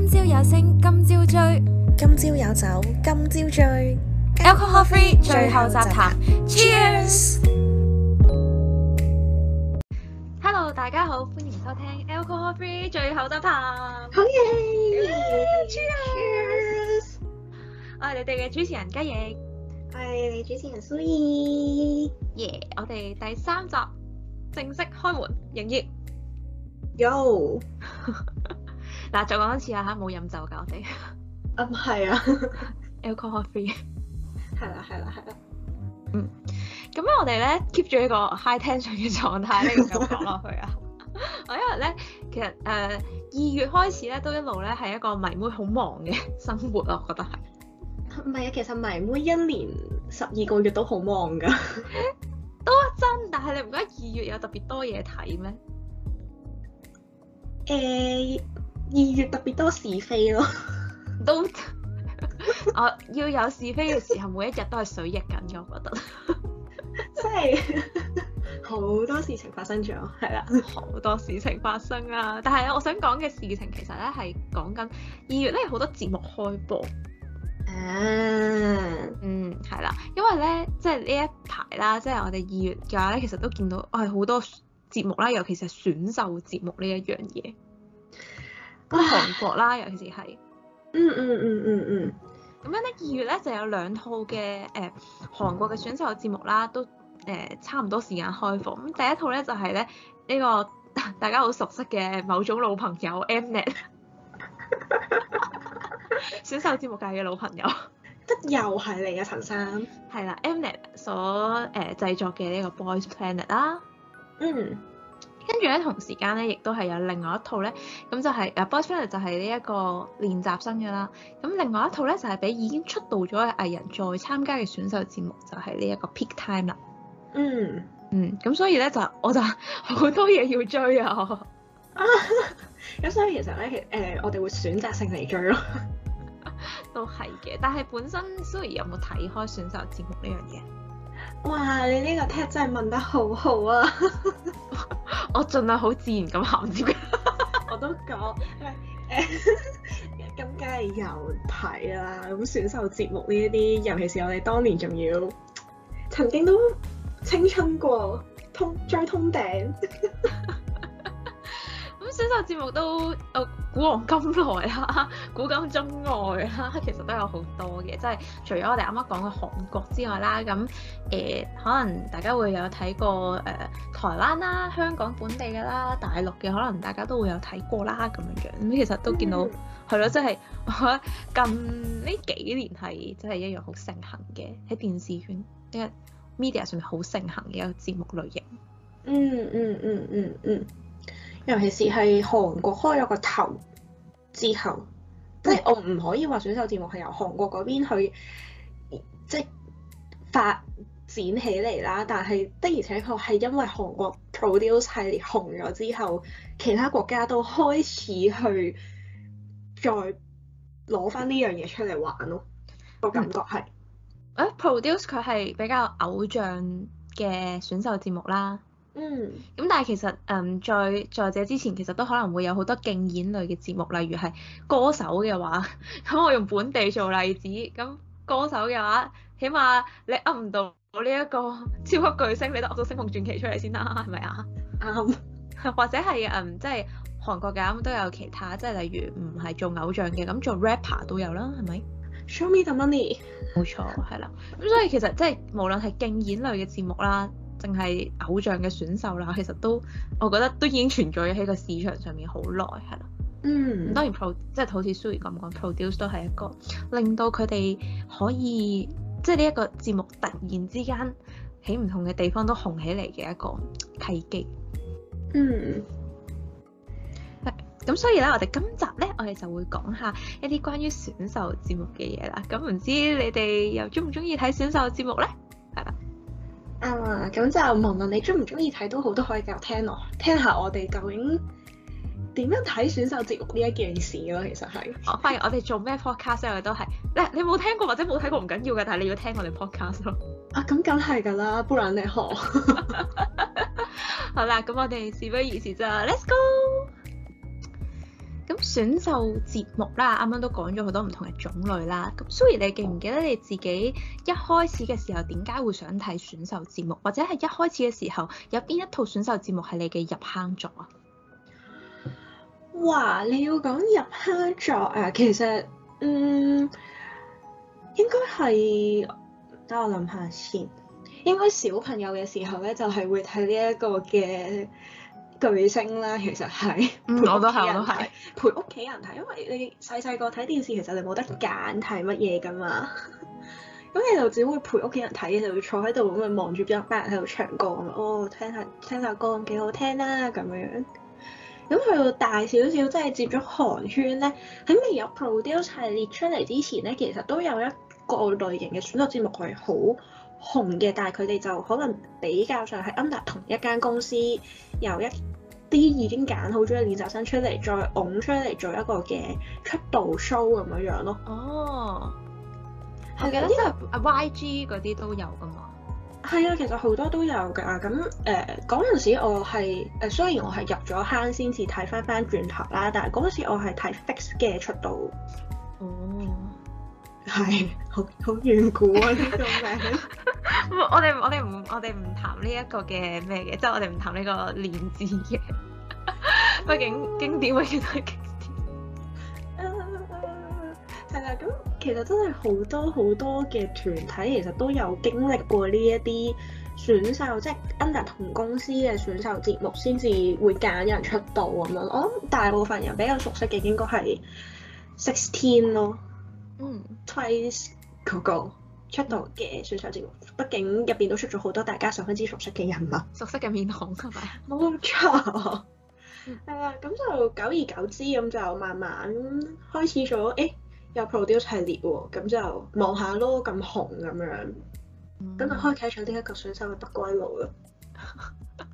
今朝有星，今朝追；今朝有酒，今朝醉。Alcohol Free 最後集談，Cheers！Hello，大家好，歡迎收聽 Alcohol Free 最後集談，好耶，Cheers！我係你哋嘅主持人嘉穎，我係主持人蘇怡，耶！我哋第三集正式開門營業，Yo！嗱，再講一次啊嚇，冇飲酒㗎，我哋。嗯、啊，唔係 L 啊，L coffee。係啦、啊，係啦、啊，係啦。嗯，咁咧我哋咧 keep 住呢個 high tension 嘅狀態呢，繼續講落去啊。我 因為咧，其實誒二、呃、月開始咧都一路咧係一個迷妹好忙嘅生活咯，我覺得係。唔係啊，其實迷妹一年十二個月都好忙噶。 都真，但係你唔覺得二月有特別多嘢睇咩？誒、欸。二月特別多是非咯， 都 我要有是非嘅時候，每一日都係水逆緊嘅，我覺得，即係好多事情發生咗，係啦，好多事情發生啦！ 但係我想講嘅事情其實咧，係講緊二月咧好多節目開播，啊、嗯，嗯，係啦，因為咧即係呢一排啦，即係我哋二月嘅話咧，其實都見到我係好多節目啦，尤其是選秀節目呢一樣嘢。咁韓國啦，尤其是係、嗯，嗯嗯嗯嗯嗯，咁樣咧二月咧就有兩套嘅誒、呃、韓國嘅選秀節目啦，都誒、呃、差唔多時間開放。咁第一套咧就係咧呢個大家好熟悉嘅某種老朋友 Mnet 選秀節目界嘅老朋友，得又係你啊陳生，係啦 Mnet 所誒、呃、製作嘅呢個 Boys Planet 啦，嗯。跟住咧同時間咧，亦都係有另外一套咧，咁就係誒 Boys Planet 就係呢一個練習生嘅啦。咁另外一套咧就係、是、俾已經出道咗嘅藝人再參加嘅選秀節目，就係呢一個 Peak Time 啦。嗯。嗯。咁所以咧就我就好多嘢要追 啊！咁所以其實咧誒、呃，我哋會選擇性嚟追咯。 都係嘅，但係本身 s 小儀有冇睇開選秀節目呢樣嘢？哇！你呢個 tag 真係問得好好啊！ 我盡量好自然咁喊，我都講，誒、哎，咁梗係有睇啦，咁選秀節目呢一啲，尤其是我哋當年仲要，曾經都青春過，通追通頂。 呢個節目都古往今來啦，古今中外啦，其實都有好多嘅，即係除咗我哋啱啱講嘅韓國之外啦，咁誒、呃、可能大家會有睇過誒、呃、台灣啦、香港本地嘅啦、大陸嘅可能大家都會有睇過啦咁樣樣，其實都見到係咯，即係、嗯、近呢幾年係真係一樣好盛行嘅喺電視圈，因為 media 上面好盛行嘅一個節目類型。嗯嗯嗯嗯嗯。嗯嗯嗯嗯。尤其是係韓國開咗個頭之後，即係我唔可以話選秀節目係由韓國嗰邊去即發展起嚟啦。但係的而且確係因為韓國 produce 系列紅咗之後，其他國家都開始去再攞翻呢樣嘢出嚟玩咯。那個感覺係誒、嗯啊、produce 佢係比較偶像嘅選秀節目啦。嗯，咁但係其實，嗯，在在這之前，其實都可能會有好多競演類嘅節目，例如係歌手嘅話，咁我用本地做例子，咁歌手嘅話，起碼你噏唔到我呢一個超級巨星，你都噏到《星夢傳奇》出嚟先啦，係咪啊？啱、嗯， 或者係嗯，即係韓國嘅咁都有其他，即係例如唔係做偶像嘅，咁做 rapper 都有啦，係咪？Show me the money。冇錯，係啦， 咁所以其實即係無論係競演類嘅節目啦。淨係偶像嘅選秀啦，其實都我覺得都已經存在喺個市場上面好耐，係咯。嗯、mm。Hmm. 當然即係好似 Sue 咁講，produce 都係一個令到佢哋可以即係呢一個節目突然之間喺唔同嘅地方都紅起嚟嘅一個契機。嗯、mm。咁、hmm. 所以咧，我哋今集咧，我哋就會講下一啲關於選秀節目嘅嘢啦。咁唔知你哋又中唔中意睇選秀節目咧？啱啊！咁就無論你中唔中意睇都好，都可以繼續聽，聽，聽我聽下我哋究竟點樣睇選秀節目呢一件事咯。其實係，我發現我哋做咩 podcast 我哋都係，咧你冇聽過或者冇睇過唔緊要嘅，但係你要聽我哋 podcast 咯。啊，咁梗係㗎啦，不然你學。 好啦，咁我哋事不宜遲就 Let's go。咁選秀節目啦，啱啱都講咗好多唔同嘅種類啦。咁、嗯、Sue，你記唔記得你自己一開始嘅時候點解會想睇選秀節目，或者係一開始嘅時候有邊一套選秀節目係你嘅入坑作啊？哇！你要講入坑作啊，其實嗯，應該係等我諗下先。應該小朋友嘅時候咧，就係會睇呢一個嘅。巨星啦，其實係我都係，我都係，陪屋企人睇，因為你細細個睇電視，其實你冇得揀睇乜嘢噶嘛。咁 你就只會陪屋企人睇，你就會坐喺度咁咪望住一班人喺度唱歌。哦，聽下聽下歌幾好聽啦、啊、咁樣。咁去到大少少，即係接咗韓圈咧，喺未有 produce 系列出嚟之前咧，其實都有一個類型嘅選秀節目係好紅嘅，但係佢哋就可能比較上係 under 同一間公司有一啲已經揀好咗嘅練習生出嚟，再㧬出嚟做一個嘅出道 show 咁樣樣咯。哦，係嘅啦，呢個啊 YG 嗰啲都有㗎嘛。係啊，其實好多都有㗎。咁誒嗰陣時我，我係誒雖然我係入咗坑先至睇返返轉頭啦，但係嗰陣時我係睇 Fix 嘅出道。哦、嗯。係好好遠古啊呢咁，這個，名 我。我哋我哋唔，我哋唔談呢一個嘅咩嘅，即、就、係、是、我哋唔談呢個練字嘅，畢竟經典嘅嘢都係經典。啊， 係啦，咁其實真係好多好多嘅團體，其實都有經歷過呢一啲選秀，即係恩達同公司嘅選秀節目，先至會揀人出道咁樣。我諗大部分人比較熟悉嘅應該係 Sixteen 咯。嗯，Twice 嗰 Google .個出道嘅選秀節目，嗯、畢竟入邊都出咗好多大家十分之熟悉嘅人物，熟悉嘅面孔，咪，冇錯。誒，咁就久而久之咁就慢慢開始咗，誒、欸、有 produce 系列喎、哦，咁就望下咯，咁、嗯、紅咁樣，咁、嗯、就開啟咗呢一個選秀嘅不歸路咯、 呃。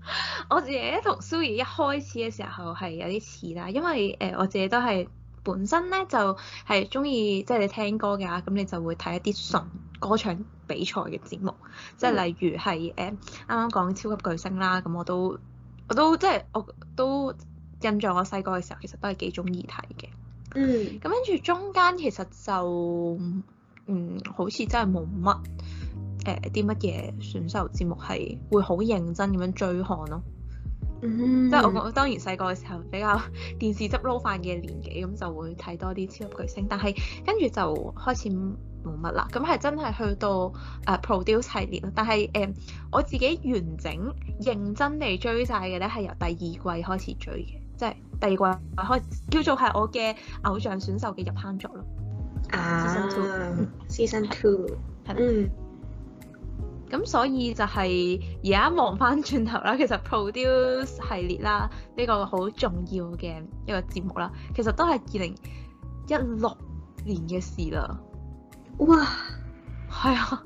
我自己同 Suri 一開始嘅時候係有啲似啦，因為誒我自己都係。本身咧就係中意即係你聽歌㗎，咁你就會睇一啲純歌唱比賽嘅節目，即係例如係誒啱啱講超級巨星啦，咁我都我都即係我都印象我細個嘅時候其實都係幾中意睇嘅。嗯。咁跟住中間其實就嗯好似真係冇乜誒啲乜嘢選秀節目係會好認真咁樣追看咯。即係、mm hmm. 我講當然細個嘅時候比較電視執撈飯嘅年紀咁就會睇多啲超級巨星，但係跟住就開始冇乜啦。咁係真係去到誒、uh, produce 系列，但係誒、um, 我自己完整認真地追晒嘅咧係由第二季開始追嘅，即係第二季開始叫做係我嘅偶像選秀嘅入坑作咯。Ah, Season two,、mm hmm. Season two，係、mm、啦。Hmm. Mm hmm. 咁所以就係而家望翻轉頭啦，其實 produce 系列啦呢個好重要嘅一個節目啦，其實都係二零一六年嘅事啦。哇，係啊，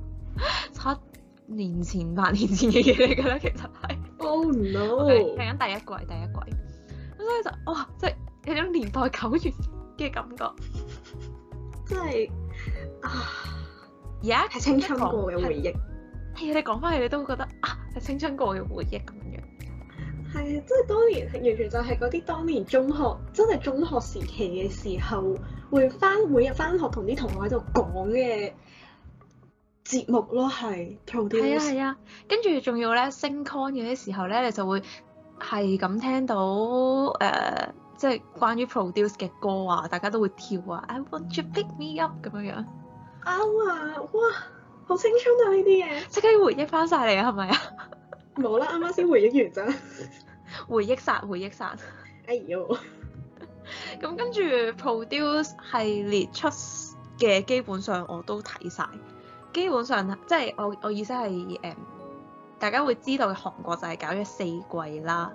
七年前、八年前嘅嘢嚟㗎啦，其實係。Oh no！睇緊、okay, 第一季，第一季，咁所以就哇，即係有種年代久遠嘅感覺，即係 啊，而家係青春過嘅回憶。你講翻起你都會覺得啊，係青春過嘅回憶咁樣。係啊，即係當年完全就係嗰啲當年中學，真係中學時期嘅時候，會翻每日翻學同啲同學喺度講嘅節目咯，係 produce。係啊係啊，跟住仲要咧升 con 嘅時候咧，你就會係咁聽到誒、呃，即係關於 produce 嘅歌啊，大家都會跳啊，I want to pick me up 咁樣樣。啊，哇！哇好青春啊！呢啲嘢即刻回憶翻晒嚟啊，係咪啊？冇啦， 啱啱先回憶完咋。 回憶殺，回憶殺。哎喲！ 咁跟住 produce 系列出嘅基本上我都睇晒，基本上即係我我意思係誒、呃，大家會知道嘅韓國就係搞咗四季啦。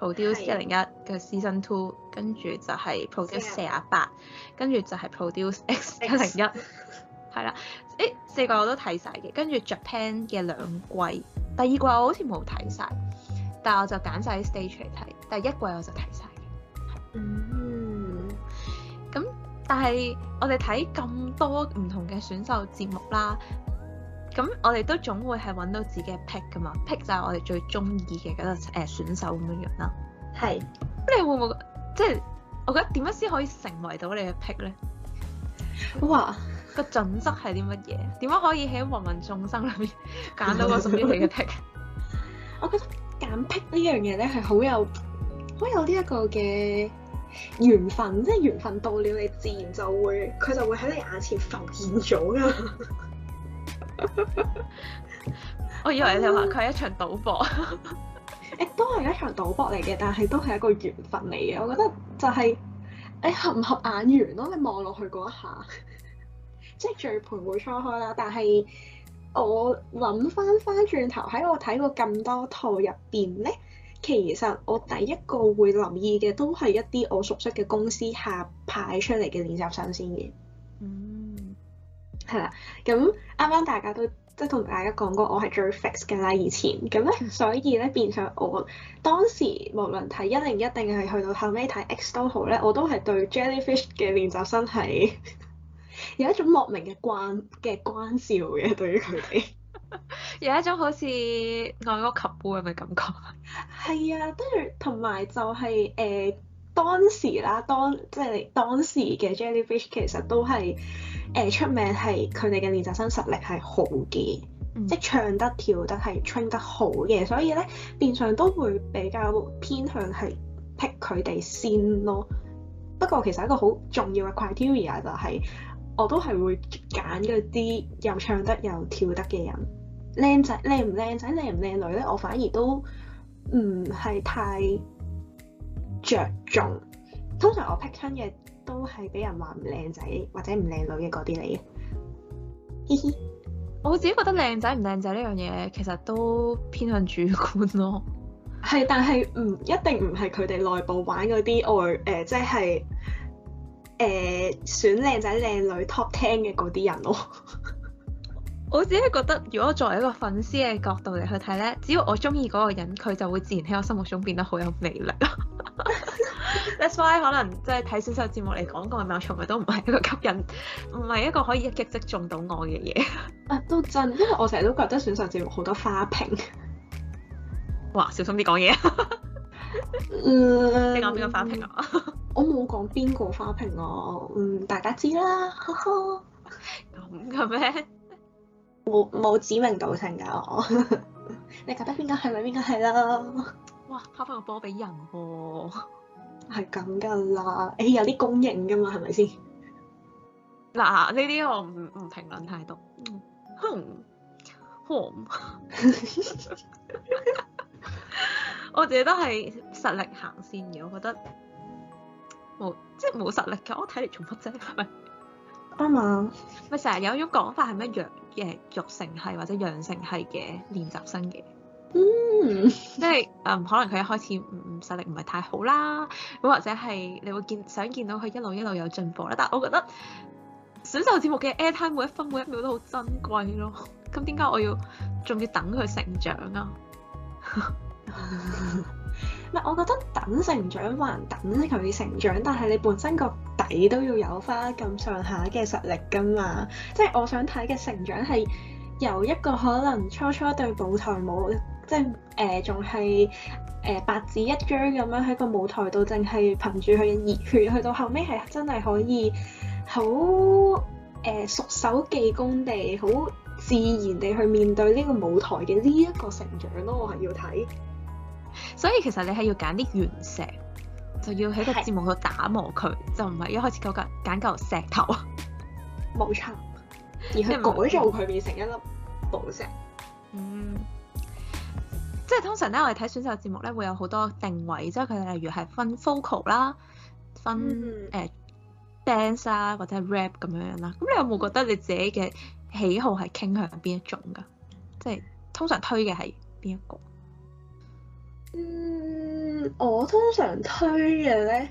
produce 一零一嘅 season two，跟住就係 produce 四啊十八，跟住就係 produce X 一零一。係啦，誒、欸、四季我都睇晒嘅，跟住 Japan 嘅兩季，第二季我好似冇睇晒，但係我就揀晒啲 stage 嚟睇，第一季我就睇晒嘅。嗯，咁但係我哋睇咁多唔同嘅選秀節目啦，咁我哋都總會係揾到自己嘅 pick 㗎嘛，pick 就係我哋最中意嘅嗰個誒選手咁樣樣啦。係是，咁、嗯、你會唔會即係我覺得點樣先可以成為到你嘅 pick 咧？哇！個準則係啲乜嘢？點樣可以喺芸芸眾生裏面揀到個屬於你嘅 pick？我覺得揀 pick 呢樣嘢咧係好有好有呢一個嘅緣分，即係緣分到了，你自然就會佢就會喺你眼前浮現咗㗎。 我以為你話佢係一場賭博，誒、 嗯、都係一場賭博嚟嘅，但係都係一個緣分嚟嘅。我覺得就係、是、你合唔合眼緣咯，你望落去嗰一下。即係最盤會初開啦，但係我諗翻翻轉頭喺我睇過咁多套入邊咧，其實我第一個會留意嘅都係一啲我熟悉嘅公司下派出嚟嘅練習生先嘅。嗯，係啦。咁啱啱大家都即係同大家講過，我係最 fix 嘅啦。以前咁咧，所以咧 變相我當時無論睇一零一，定係去到後尾睇 X 都好咧，我都係對 Jellyfish 嘅練習生係。 有一種莫名嘅關嘅關笑嘅對於佢哋， 有一種好似愛屋及烏咁嘅感覺。 係啊，跟住同埋就係、是、誒、呃、當時啦，當即係當時嘅 Jellyfish 其實都係誒、呃、出名係佢哋嘅練習生實力係好嘅，嗯、即係唱得跳得係 train 得好嘅，所以咧變相都會比較偏向係 pick 佢哋先咯。不過其實一個好重要嘅 criteria 就係、是。我都係會揀嗰啲又唱得又跳得嘅人，靚仔靚唔靚仔靚唔靚女咧，我反而都唔係太着重。通常我 pick 親嘅都係俾人話唔靚仔或者唔靚女嘅嗰啲嚟嘅。嘻嘻，我自己覺得靚仔唔靚仔呢樣嘢其實都偏向主觀咯。係，但係唔一定唔係佢哋內部玩嗰啲外誒，即係，呃、即係誒、uh, 選靚仔靚女 top ten 嘅嗰啲人咯， 我只係覺得，如果作為一個粉絲嘅角度嚟去睇咧，只要我中意嗰個人，佢就會自然喺我心目中變得好有魅力。 That's why 可能即係睇選秀節目嚟講，咁咪我從來都唔係一個吸引，唔係一個可以一擊即中到我嘅嘢。 啊，都真，因為我成日都覺得選秀節目好多花瓶。哇， 小心啲講嘢。嗯、你講邊個花瓶啊？我冇講邊個花瓶啊，嗯，大家知啦。咁嘅咩？冇冇指名道姓噶我。 你覺得邊個係咪邊個係啦？哇，拋翻個波俾人喎，係咁噶啦。誒、欸，有啲公認噶嘛，係咪先？嗱，呢啲我唔唔評論太多。h、嗯 我自己都係實力行先嘅，我覺得冇即係冇實力嘅，我睇嚟做乜啫？唔 係、嗯。啱啊！咪、呃、成日有種講法係咩？養嘅？育成係或者養成係嘅練習生嘅、嗯呃。嗯。即係嗯，可能佢一開始嗯實力唔係太好啦，咁或者係你會見想見到佢一路一路有進步啦。但我覺得選秀節目嘅 airtime 每一分每一秒都好珍貴咯。咁點解我要仲要等佢成長啊？ 唔係， 我覺得等成長還等佢成長，但係你本身個底都要有翻咁上下嘅實力㗎嘛。即係我想睇嘅成長係由一個可能初初對舞台冇，即係誒仲係誒白紙一張咁樣喺個舞台度，淨係憑住佢嘅熱血，去到後尾，係真係可以好誒、呃、熟手技功地技工地，好自然地去面對呢個舞台嘅呢一個成長咯。我係要睇。所以其實你係要揀啲原石，就要喺個節目度打磨佢，是就唔係一開始嗰嚿揀嚿石頭。冇錯，而去改造佢變成一粒寶石。嗯，即係通常咧，我哋睇選秀節目咧，會有好多定位，即係佢例如係分 vocal 啦，分誒、嗯呃、dance 啊，或者 rap 咁樣樣啦。咁你有冇覺得你自己嘅喜好係傾向邊一種㗎？即係通常推嘅係邊一個？我通常推嘅咧，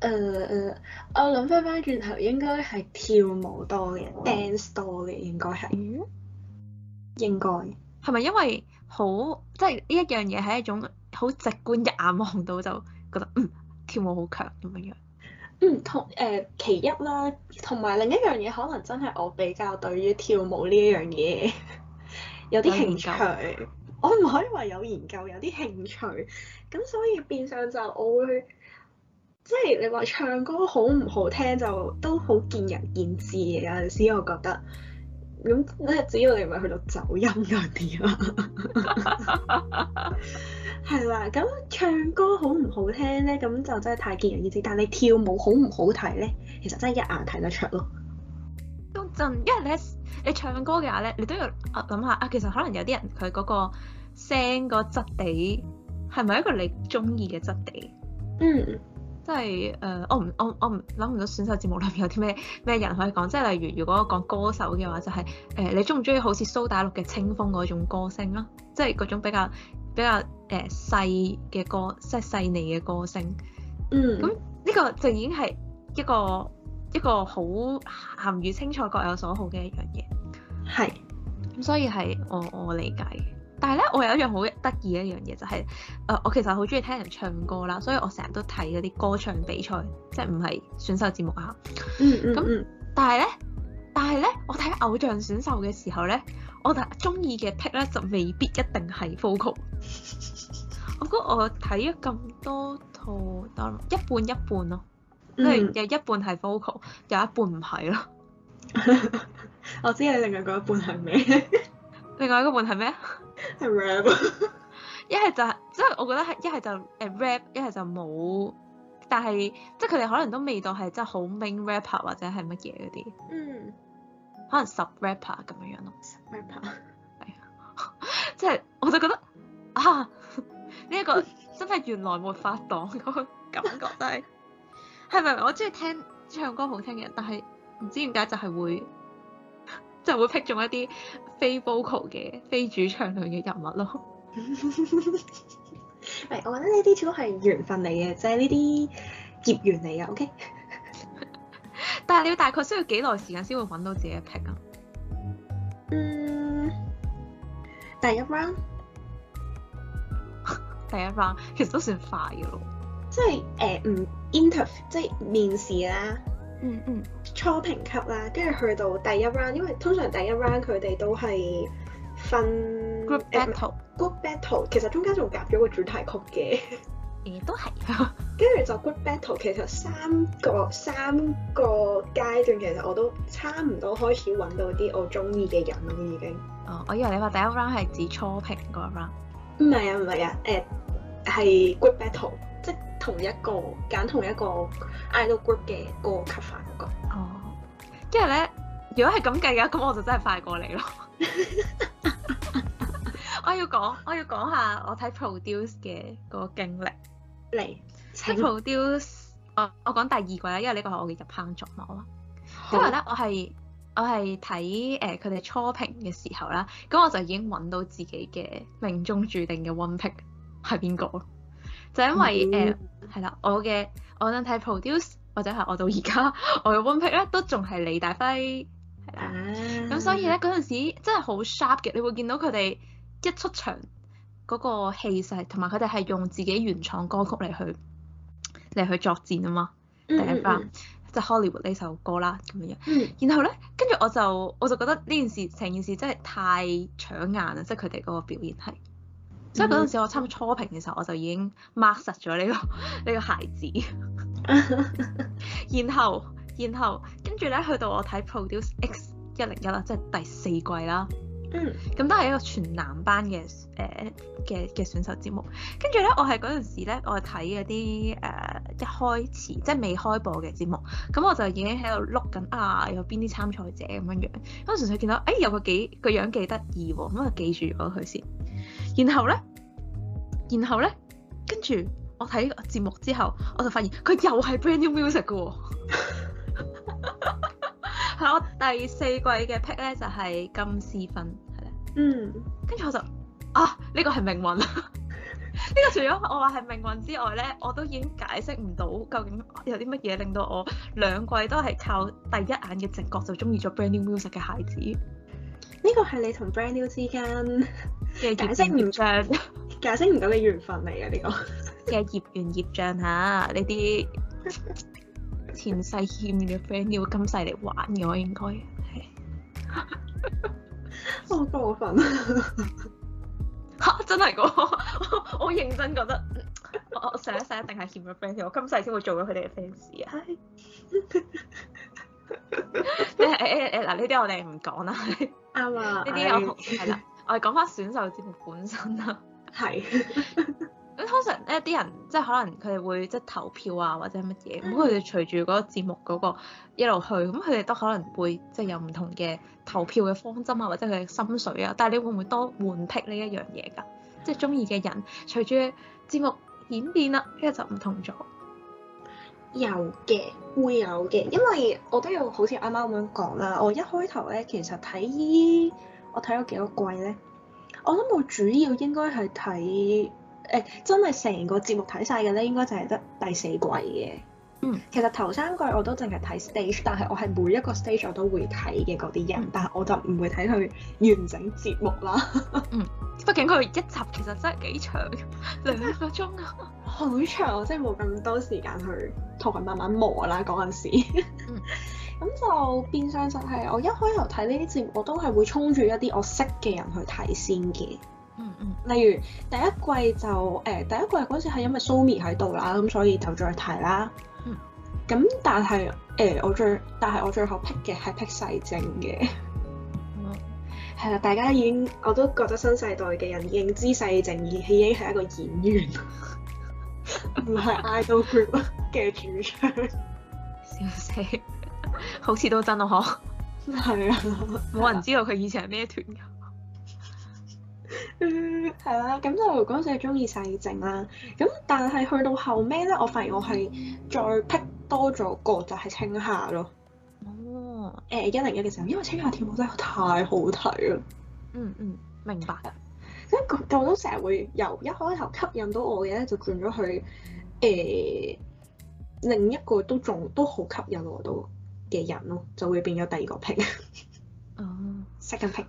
誒、uh, 誒，我諗翻翻轉頭應該係跳舞多嘅 ，dance 多嘅應該係，應該係咪，嗯、該因為好即係呢一樣嘢係一種好直觀一眼望到就覺得，嗯，跳舞好強咁樣樣。嗯，嗯同誒、呃、其一啦，同埋另一樣嘢可能真係我比較對於跳舞呢一樣嘢有啲興趣。我唔可以話有研究，有啲興趣，咁所以變相就我會，即係你話唱歌好唔好聽就都好見仁見智嘅。有陣時我覺得，咁咧，只要你唔係去到走音嗰啲咯，係啦。咁唱歌好唔好聽咧？咁就真係太見仁見智。但你跳舞好唔好睇咧？其實真係一眼睇得出咯。咁就 y e 你唱歌嘅話咧，你都要啊諗下啊，其實可能有啲人佢嗰個聲個質地係咪一個你中意嘅質地？嗯，即係誒，我唔我我唔諗唔到選秀節目裏面有啲咩咩人可以講，即係例如如果我講歌手嘅話，就係、是、誒你中唔中意好似蘇打綠嘅清風嗰種歌聲咯？即係嗰種比較比較誒、呃、細嘅歌，即係細膩嘅歌聲。嗯，咁呢個就已經係一個。一個好鹹魚青菜各有所好嘅一樣嘢，係咁是、嗯，所以係我我理解嘅。但係咧，我有一樣好得意嘅一樣嘢，就係、是、誒、呃，我其實好中意聽人唱歌啦，所以我成日都睇嗰啲歌唱比賽，即係唔係選秀節目啊、嗯。嗯嗯。咁但係咧，但係咧，我睇偶像選秀嘅時候咧，我中意嘅 pick 咧就未必一定係 vocal。 我覺得我睇咗咁多套，當一半一半咯、哦。即係有一半係 vocal，mm hmm. 有一半唔係咯。我知你另外嗰一,一半係咩？另外一半係咩？係 rap、 就是。一係就係即係我覺得係一係就誒 rap，一係就冇。但係即係佢哋可能都未到係真係好 main rapper 或者係乜嘢嗰啲。嗯、mm。Hmm. 可能十 rapper 咁樣樣咯。rapper。係。即係我就覺得啊，呢、這、一個真係原來沒法擋嗰個感覺真係。 係咪？我中意聽唱歌好聽嘅人，但係唔知點解就係會就係會 pick 中一啲非 vocal 嘅非主唱類嘅人物咯。誒， 我覺得呢啲都係緣分嚟嘅，就係呢啲孽緣嚟嘅。OK。 但係你要大概需要幾耐時間先會揾到自己一 pick 啊？嗯，第一 round， 第一 round 其實都算快嘅咯。即係誒唔 inter 即係面試啦，嗯嗯，初評級啦，跟住去到第一 round，因為通常第一 round 佢哋都係分 group battle，group、呃、battle，其實中間仲夾咗個主題曲嘅，誒都係，跟住就 group battle，其實三個、嗯、三個階段其實我都差唔多開始揾到啲我中意嘅人啦已經。哦，我以為你話第一 round 係指初評嗰 round，唔係啊唔係啊，誒係、啊呃、group battle。同一個揀同一個 idol group 嘅歌曲翻嗰個法，哦，跟住咧，如果係咁計嘅話，咁我就真係快過你咯。 我要講，我要講下我睇 produce 嘅個經歷嚟。produce，我我講第二季啦，因為呢個係我嘅入坑作摸啦。好因為咧，我係我係睇誒佢哋初評嘅時候啦，咁我就已經揾到自己嘅命中注定嘅 one pick 係邊個。就因為誒係啦，我嘅我想睇 produce 或者係我到而家我嘅 one pick 咧都仲係李大輝，係啊，咁、ah. 所以咧嗰陣時真係好 sharp 嘅，你會見到佢哋一出場嗰個氣勢，同埋佢哋係用自己原創歌曲嚟去嚟去作戰啊嘛，第一 round 即係 Hollywood 呢首歌啦咁樣樣。Mm hmm. 然後咧，跟住我就我就覺得呢件事成件事真係太搶眼啦，即係佢哋嗰個表現係。所以嗰陣時，我差唔多初評嘅時候，我就已經 mark 實咗呢個呢、呢個孩子。 然後，然後跟住咧，去到我睇 produce X 一零一啦，即係第四季啦。嗯，咁都係一個全男班嘅誒嘅嘅選秀節目，跟住咧，我係嗰陣時咧，我睇嗰啲誒一開始即係未開播嘅節目，咁我就已經喺度碌緊啊，有邊啲參賽者咁樣樣，咁純粹見到誒有個幾個樣幾得意喎，咁啊記住咗佢先。然後咧、哎，然後咧，跟住我睇節目之後，我就發現佢又係 Brand New Music 嘅喎、哦，我 第四季嘅 pick 咧就係金斯芬。嗯，跟住我就啊，呢、這個係命運啦。呢 個除咗我話係命運之外咧，我都已經解釋唔到究竟有啲乜嘢令到我兩季都係靠第一眼嘅直覺就中意咗 Brand New Music 嘅孩子。呢個係你同 Brand New 之間嘅解釋唔上，業業 解釋唔到你緣分嚟嘅呢個嘅業緣業障吓，呢啲 前世欠嘅 Brand New，今世嚟玩嘅應該係。 好過分啊！真係噶，那個，我 我認真覺得，我上一世一定係欠咗 fans，我今世先會做咗佢哋嘅 fans 啊！哎，誒誒誒，嗱呢啲我哋唔講啦，啱啊，呢啲有係啦，我哋講翻選秀節目本身啦，係是。 咁通常咧，啲人即係可能佢哋會即係投票啊，或者乜嘢咁。佢哋隨住嗰個節目嗰個一路去，咁佢哋都可能會即係有唔同嘅投票嘅方針啊，或者佢嘅心水啊。但係你會唔會多換剔呢一樣嘢㗎？即係中意嘅人隨住節目演變啦、啊，跟住就唔同咗。有嘅，會有嘅，因為我都有好似啱啱咁樣講啦。我一開頭咧，其實睇我睇咗幾多季咧，我諗我，我主要應該係睇。誒、欸、真係成個節目睇晒嘅咧，應該就係得第四季嘅。嗯，其實頭三季我都淨係睇 stage，但係我係每一個 stage 我都會睇嘅嗰啲人，嗯、但係我就唔會睇佢完整節目啦。嗯，畢竟佢一集其實真係幾長，兩個鐘啊，好長，我即係冇咁多時間去同佢慢慢磨啦，嗰陣時。 嗯，咁就變相就係我一開頭睇呢啲節目，我都係會衝住一啲我識嘅人去睇先嘅。嗯嗯，例如第一季就誒、呃、第一季嗰陣時係因為 Somi 喺度啦，咁所以就再睇啦。嗯。咁但係誒、呃、我最但係我最後 pick 嘅係 pick 世正嘅。嗯。係啦，大家已經我都覺得新世代嘅人認知世正已經係一個演員，唔 係 idol group 嘅主唱。笑死！好似都真咯，嗬。係啊。冇人知道佢以前係咩團嘅。嗯，係啦，咁就嗰陣時係中意細靜啦。咁但係去到後尾咧，我發現我係再 pick 多咗個就係青霞咯。哦，誒，一零一嘅時候，因為青霞跳舞真係太好睇啦。嗯嗯，明白嘅。即係舊舊都成日會由一開頭吸引到我嘅咧，就轉咗去誒另一個都仲都好吸引我都嘅人咯，就會變咗第二個 pick。哦，second pick。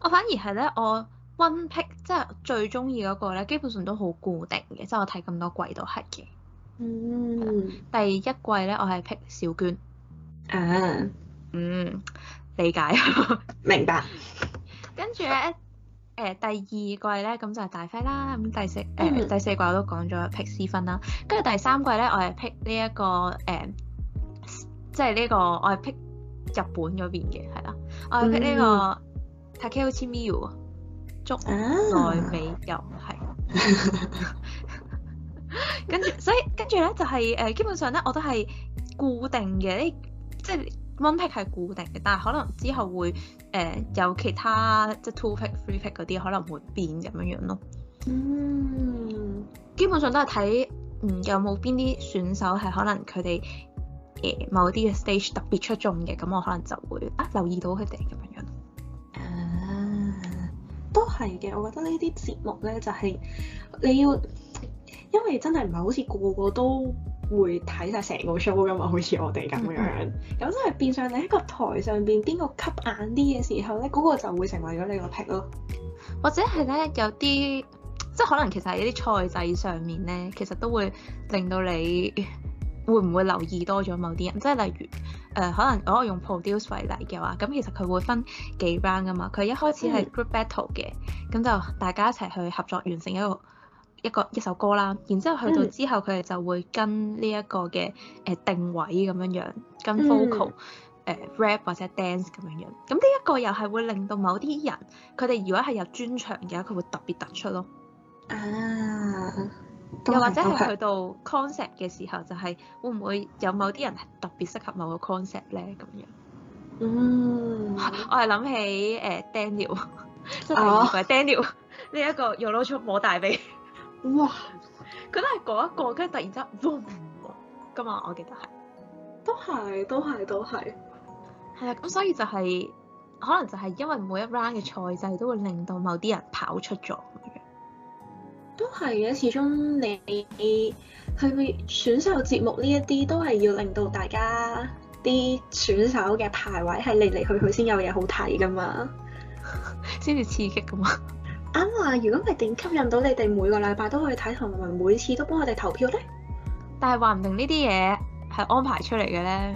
我反而係咧，我。One pick 即係最中意嗰個咧，基本上都好固定嘅。即、就、係、是、我睇咁多季都係嘅。嗯，第一季咧，我係 pick 小娟。啊，嗯，理解。 明白。跟住咧，誒、呃、第二季咧，咁就係、是、大輝啦。咁第四誒、呃嗯、第四季我都講咗 pick 斯芬啦。跟住第三季咧，我係 pick 呢一個誒，即係呢個我係 pick 日本嗰邊嘅，係啦，我係 pick 呢個。嗯足內美又係，跟住所以跟住咧就係、是、誒、呃、基本上咧我都係固定嘅，即係 one pick 係固定嘅，但係可能之後會誒、呃、有其他即係 two pick three pick 嗰啲可能會變咁樣樣咯。嗯，基本上都係睇嗯有冇邊啲選手係可能佢哋誒某啲嘅 stage 特別出眾嘅，咁我可能就會啊留意到佢哋咁樣樣。都係嘅，我覺得呢啲節目咧就係你要，因為真係唔係好似個個都會睇晒成個 show 噶嘛，好似我哋咁樣樣。咁即係變相你喺個台上邊邊個吸眼啲嘅時候咧，嗰個就會成為咗你個 pick 咯。或者係咧，有啲即係可能其實係一啲賽制上面咧，其實都會令到你會唔會留意多咗某啲人，即係例如。誒、呃、可能我用 produce 為例嘅話，咁其實佢會分幾 round 噶嘛，佢一開始係 group battle 嘅，咁、嗯、就大家一齊去合作完成一個一個一首歌啦，然之後去到之後佢哋、嗯、就會跟呢一個嘅誒定位咁樣樣，跟 vocal 誒、嗯呃、rap 或者 dance 咁樣樣，咁呢一個又係會令到某啲人佢哋如果係有專長嘅話，佢會特別突出咯。啊！又或者係去到 concept 嘅時候，就係、是、會唔會有某啲人係特別適合某個 concept 咧咁樣？嗯，我係諗起誒、呃、Daniel，真係 Daniel 呢一個又攞出摸大髀， 哇！佢都係嗰一個，跟住突然之間 boom，我記得係。都係，都係，都係。係啊，咁所以就係、是、可能就係因為每一 round 嘅賽制都會令到某啲人跑出咗。都係嘅，始終你去選秀節目呢一啲都係要令到大家啲選手嘅排位係嚟嚟去去先有嘢好睇噶嘛，先至 刺激噶嘛。啱話、 啊，如果係點吸引到你哋每個禮拜都可以睇，同埋每次都幫我哋投票呢？但係話唔定呢啲嘢係安排出嚟嘅呢？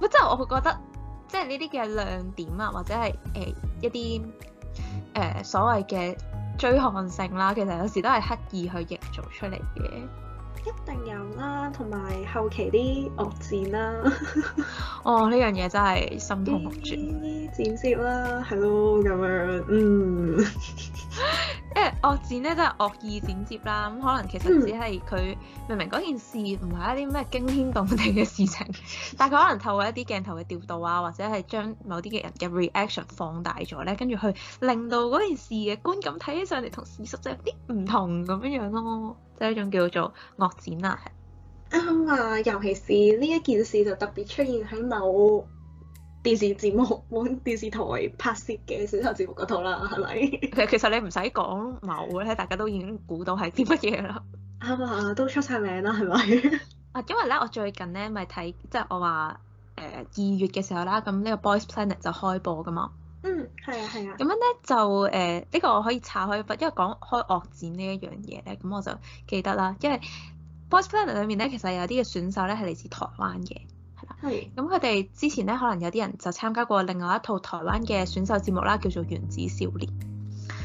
不過我會覺得，即係呢啲嘅亮點啊，或者係誒、呃、一啲誒、呃、所謂嘅。追看性啦，其實有時都係刻意去營造出嚟嘅。一定有啦，同埋後期啲惡戰啦。 哦，呢樣嘢真係心痛目絕。剪接、欸、啦，係咯，咁樣，嗯。 因為惡剪咧都係惡意剪接啦，咁可能其實只係佢明明嗰件事唔係一啲咩驚天動地嘅事情，但係佢可能透過一啲鏡頭嘅調度啊，或者係將某啲嘅人嘅 reaction 放大咗咧，跟住去令到嗰件事嘅觀感睇起上嚟同事實就有啲唔同咁樣樣咯，即係一種叫做惡剪啦。係啱啊、嗯，尤其是呢一件事就特別出現喺某。電視節目，電視台拍攝嘅選秀節目嗰套啦，係咪？其實你唔使講某咧，大家都已經估到係啲乜嘢啦。啱 啊，都出晒名啦，係咪？啊，因為咧，我最近咧咪睇，即係、就是、我話誒二月嘅時候啦，咁呢個 Boys Planet 就開播噶嘛。嗯，係啊，係啊。咁樣咧就誒，呢、呃呢個我可以查開一筆，因為講開樂展呢一樣嘢咧，咁我就記得啦，因為 Boys Planet 裏面咧其實有啲嘅選手咧係嚟自台灣嘅。係，咁佢哋之前咧，可能有啲人就參加過另外一套台灣嘅選秀節目啦，叫做《原子少年》。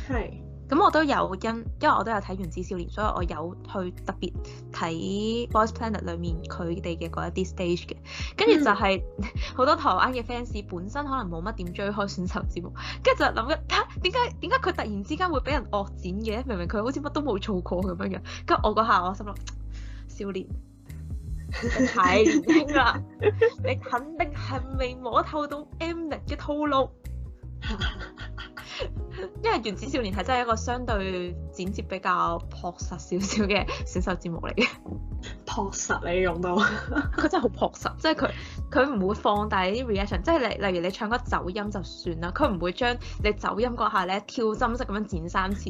係、嗯，咁我都有因，因為我都有睇《原子少年》，所以我有去特別睇《Boys Planet》裡面佢哋嘅嗰一啲 stage 嘅。跟住就係、是、好、嗯、多台灣嘅 fans 本身可能冇乜點追開選秀節目，跟住就諗緊點解點解佢突然之間會俾人惡剪嘅？明明佢好似乜都冇做過咁樣樣。跟住我嗰下我心諗，少年。睇唔清啦，你肯定係未摸透到 M 力嘅套路，因為原子少年係真係一個相對剪接比較樸實少少嘅選秀節目嚟嘅。樸實你用到，佢 真係好樸實，即係佢佢唔會放大啲 reaction，即係例例如你唱嗰個走音就算啦，佢唔會將你走音嗰下咧跳針式咁樣剪三次。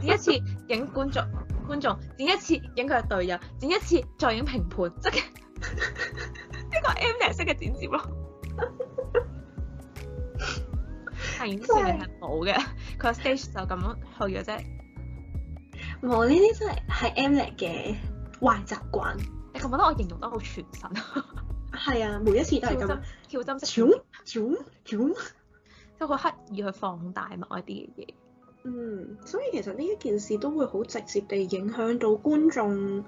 剪 一次影觀眾觀眾，剪一次影佢嘅隊友，剪一次再影評判，即係呢、這個 a m l 式嘅剪接咯。 但係原之前係冇嘅，佢個 stage 就咁樣去嘅啫。冇呢啲真係係 m l 嘅壞習慣。你覺唔覺得我形容得好傳神啊？係 啊，每一次都係咁跳針式 zoom zoom zoom 即係佢 刻意去放大某一啲嘢。嗯，所以其實呢一件事都會好直接地影響到觀眾，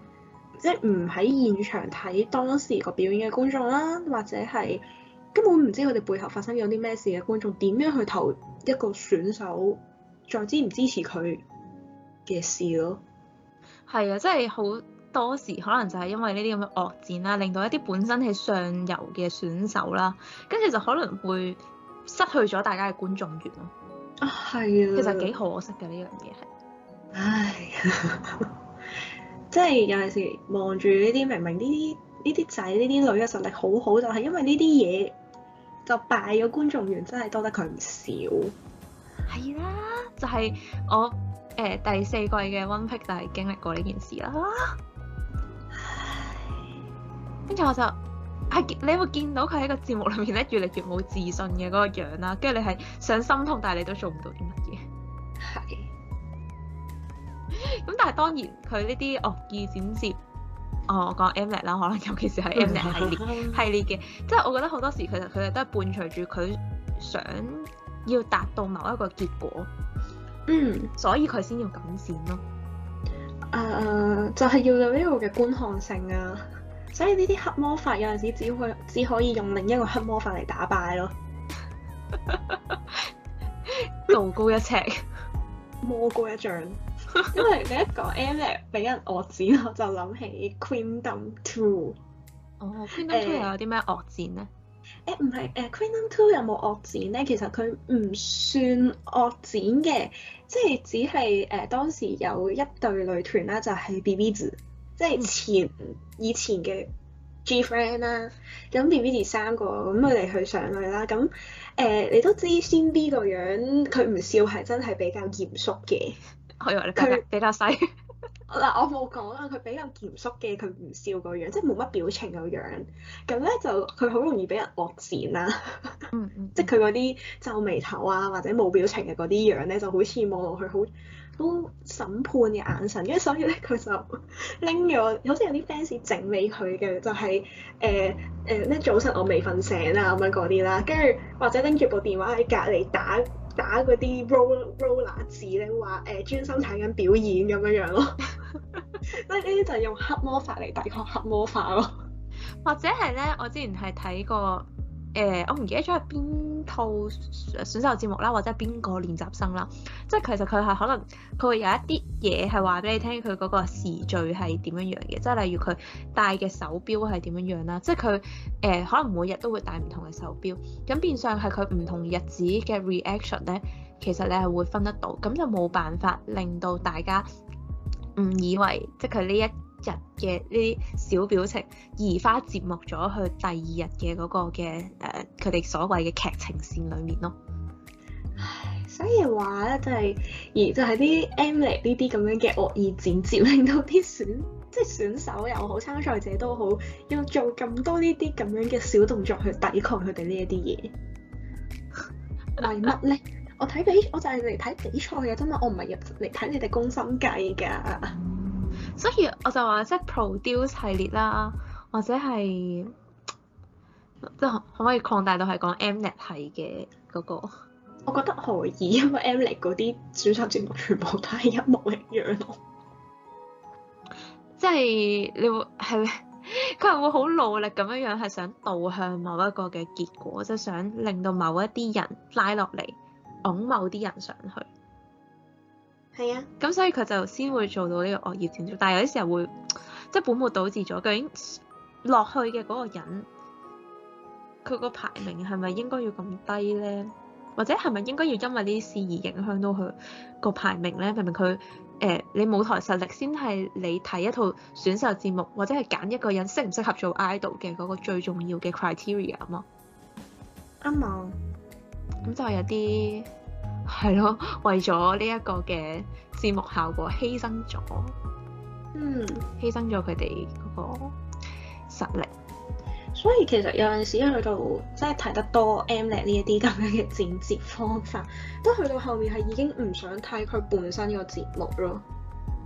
即係唔喺現場睇當時個表演嘅觀眾啦，或者係根本唔知佢哋背後發生有啲咩事嘅觀眾，點樣去投一個選手，再支唔支持佢嘅事咯。係啊，即係好多時可能就係因為呢啲咁嘅惡戰啦，令到一啲本身係上游嘅選手啦，跟住就可能會失去咗大家嘅觀眾緣咯。啊，係啊，其實幾可惜嘅呢樣嘢係，唉呀， 即係有陣時望住呢啲明明呢啲呢啲仔呢啲女嘅實力好好，就係、是、因為呢啲嘢就敗咗觀眾緣，真係多得佢唔少。係啦、啊，就係、是、我誒、呃、第四季嘅 one pick 就係經歷過呢件事啦，唉呀，跟住我就。係，你會見到佢喺個節目裏面咧越嚟越冇自信嘅嗰個樣啦。跟住你係想心痛，但係你都做唔到啲乜嘢。係。咁但係當然佢呢啲惡意剪接，我講 Mnet 啦，可能尤其是係 Mnet 系列系列嘅，即係我覺得好多時其實佢哋都係伴隨住佢想要達到某一個結果。嗯，所以佢先要咁剪咯。誒誒，就係要有呢個嘅觀看性啊！所以呢啲黑魔法有陣時只會只可以用另一個黑魔法嚟打敗咯， 道高一尺，魔高一丈。 因為你一講 Alex 俾人惡展，我就諗起 Queendom Two。哦、oh，Queendom Two 有啲咩惡戰咧？誒唔係誒 Queendom Two 有冇惡戰咧？其實佢唔算惡戰嘅，即係只係誒、呃、當時有一隊女團啦，就係、是、BBZ。即係前以前嘅 G friend 啦、啊，咁 B B D 三個咁佢哋去上去啦，咁誒、呃、你都知先 B 個樣，佢唔笑係真係比較嚴肅嘅，佢比較細。嗱我冇講啊，佢比較嚴肅嘅，佢唔笑個樣，即係冇乜表情個樣，咁咧就佢好容易俾人惡剪啦， 即係佢嗰啲皺眉頭啊或者冇表情嘅嗰啲樣咧，就好似望落去好審判嘅眼神，跟住所以咧佢就拎咗，好似有啲 fans 整理佢嘅，就係誒誒咩早晨我未瞓醒啊咁樣嗰啲啦，跟住或者拎住部電話喺隔離打打嗰啲 roll roll 字咧話誒專心睇緊表演咁樣樣咯，所以呢啲就用黑魔法嚟抵抗黑魔法咯，或者係咧我之前係睇過。誒、呃，我唔記得咗係邊套選秀節目啦，或者係邊個練習生啦。即係其實佢係可能佢會有一啲嘢係話俾你聽，佢嗰個時序係點樣樣嘅。即係例如佢戴嘅手錶係點樣樣啦。即係佢誒可能每日都會戴唔同嘅手錶。咁變相係佢唔同日子嘅 reaction 咧，其實你係會分得到。咁就冇辦法令到大家誤以為即係佢呢一日嘅呢啲小表情移花接木咗去第二日嘅嗰個嘅，誒、呃，佢哋所謂嘅劇情線裏面咯。唉，所以話咧，就係、是、而就係啲 m 嚟，呢啲咁樣嘅惡意剪接，令到啲選即係選手又好，參賽者都好，要做咁多呢啲咁樣嘅小動作去抵抗佢哋 呢一啲嘢。為乜咧？我睇比我就係嚟睇比賽嘅啫嘛，我唔係入嚟睇你哋攻心計噶。所以我就話，即係 produce 系列啦，或者係即係可唔可以擴大到係講 Mnet 係嘅嗰個？我覺得可以，因為 Mnet 嗰啲選秀節目全部都係一模一樣咯。即係你會係佢係會好努力咁樣樣，係想導向某一個嘅結果，即係想令到某一啲人拉落嚟，拱某啲人上去。係啊，咁、嗯、所以佢就先會做到呢個惡業前奏，但係有啲時候會即係本末倒置咗。究竟落去嘅嗰個人，佢個排名係咪應該要咁低呢？或者係咪應該要因為呢啲事而影響到佢個排名呢？明明佢誒、呃、你舞台實力先係你睇一套選秀節目或者係揀一個人適唔適合做 idol 嘅嗰個最重要嘅 criteria 啊嘛、嗯。啱啊、嗯，咁就係有啲。係咯，為咗呢一個嘅節目效果犧牲咗，嗯，犧牲咗佢哋嗰個實力。所以其實有陣時去到即係睇得多 Mnet 呢一啲咁樣嘅剪接方法，都去到後面係已經唔想睇佢本身個節目咯，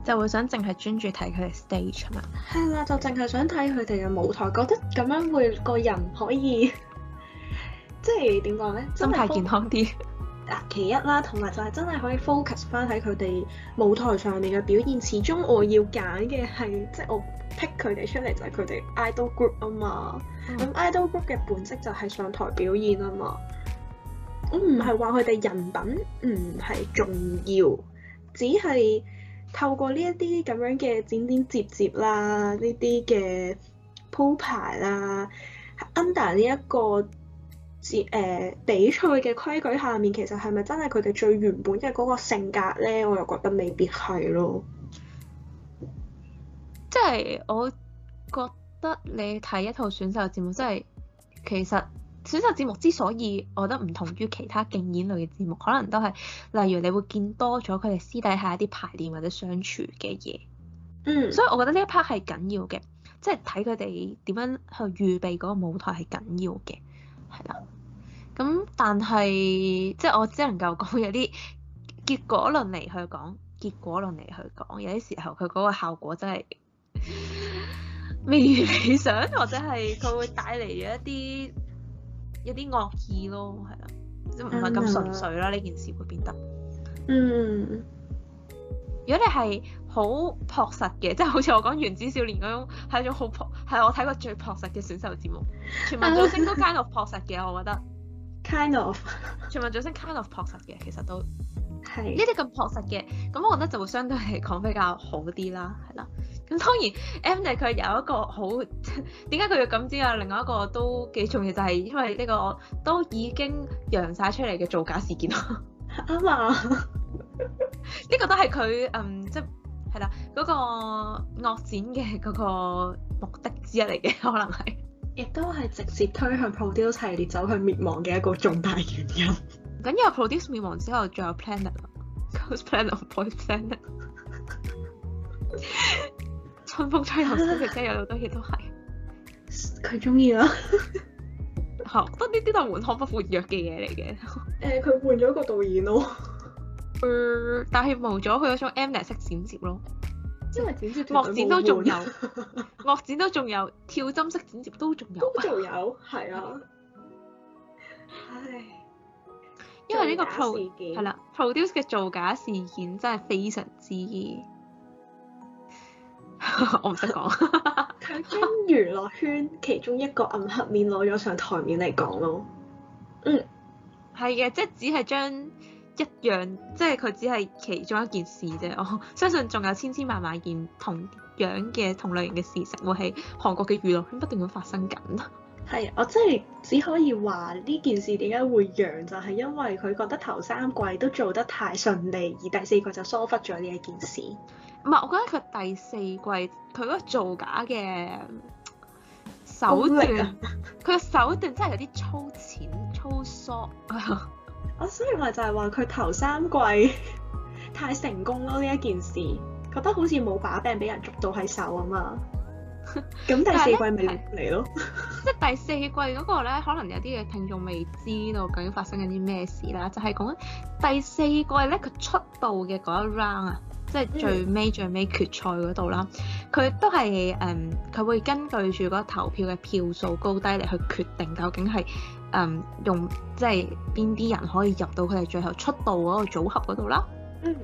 就會想淨係專注睇佢哋嘅 stage 啊。係啦，就淨係想睇佢哋嘅舞台，覺得咁樣會個人可以， 即係點講咧？心態健康啲。 嗱，其一啦，同埋就係真係可以 focus 翻喺佢哋舞台上面嘅表現。始終我要揀嘅係，即係我 pick 佢哋出嚟就係佢哋 idol group 啊嘛。咁，嗯，idol group 嘅本質就係上台表演啊嘛。我唔係話佢哋人品唔係重要，只係透過呢一啲咁樣嘅剪剪接接啦，呢啲嘅鋪排啦，under 呢一個誒，比賽嘅規矩下面，其實係咪真係佢哋最原本嘅嗰個性格咧？我又覺得未必係咯。即係我覺得你睇一套選秀節目，即係其實選秀節目之所以，我覺得唔同於其他競演類嘅節目，可能都係例如你會見多咗佢哋私底下一啲排練或者相處嘅嘢。嗯。所以我覺得呢一 part 係緊要嘅，即係睇佢哋點樣去預備嗰個舞台係緊要嘅，係啦。咁，但係即係我只能夠講有啲結果論嚟去講，結果論嚟去講。有啲時候佢嗰個效果真係未理想，或者係佢會帶嚟咗一啲有啲惡意咯，係啦，都唔係咁純粹啦。呢 件事會變得嗯，如果你係好朴實嘅，即係好似我講《原子少年》嗰種係一種好朴，係我睇過最朴實嘅選秀節目，全民造星都差到朴實嘅， 我覺得。kind of 全民造星 kind of 樸實嘅，其實都係呢啲咁樸實嘅，咁我覺得就會相對嚟講比較好啲啦，係啦。咁當然 Mnet 佢有一個好點解佢要咁知啊？另外一個都幾重要，就係、是、因為呢個都已經揚晒出嚟嘅造假事件啊呢個都係佢嗯，即係係啦，嗰、那個惡展嘅嗰個目的之一嚟嘅，可能係。亦都係直接推向 produce 系列走向滅亡嘅一個重大原因。咁因為 produce 滅亡之後，仲有 Planet Planet Boy Pl anet 春風吹後，春風吹，有好多嘢都係佢中意咯。 好，得呢啲都係滿腔不活躍嘅嘢嚟嘅。誒、 呃，佢換咗個導演咯。誒、 呃，但係冇咗佢嗰種 Mnet 式剪接咯。因為剪接，樂剪都仲有，樂剪都仲有，跳針式剪接都仲有，都仲有，係啊， 唉，因為呢個 pro 係啦，Produce 嘅造假事件真係非常之， 我唔識講，佢將娛樂圈其中一個暗黑面攞咗上台面嚟講咯，嗯，係嘅，即係只係將。一樣，即係佢只係其中一件事啫。我相信仲有千千萬萬件同樣嘅同類型嘅事情，會喺韓國嘅娛樂圈不斷咁發生緊。係，我即係只可以話呢件事點解會揚，就係、是、因為佢覺得頭三季都做得太順利，而第四季就疏忽咗呢一件事。唔係，我覺得佢第四季佢嗰個造假嘅手段，佢嘅 手段真係有啲粗淺粗疏。 我所以我就係話佢頭三季 太成功咯，呢一件事覺得好似冇把柄俾人捉到喺手啊嘛。咁 第四季咪嚟咯。即係、就是、 第四季嗰個咧，可能有啲嘅聽眾未知道究竟發生緊啲咩事啦。就係、是、講第四季咧，佢出道嘅嗰一 round 啊，即、就、係、是、最尾最尾決賽嗰度啦。佢、嗯、都係誒，佢、嗯、會根據住嗰投票嘅票數高低嚟去決定究竟係。誒、嗯，用即係邊啲人可以入到佢哋最後出道嗰個組合嗰度啦。嗯，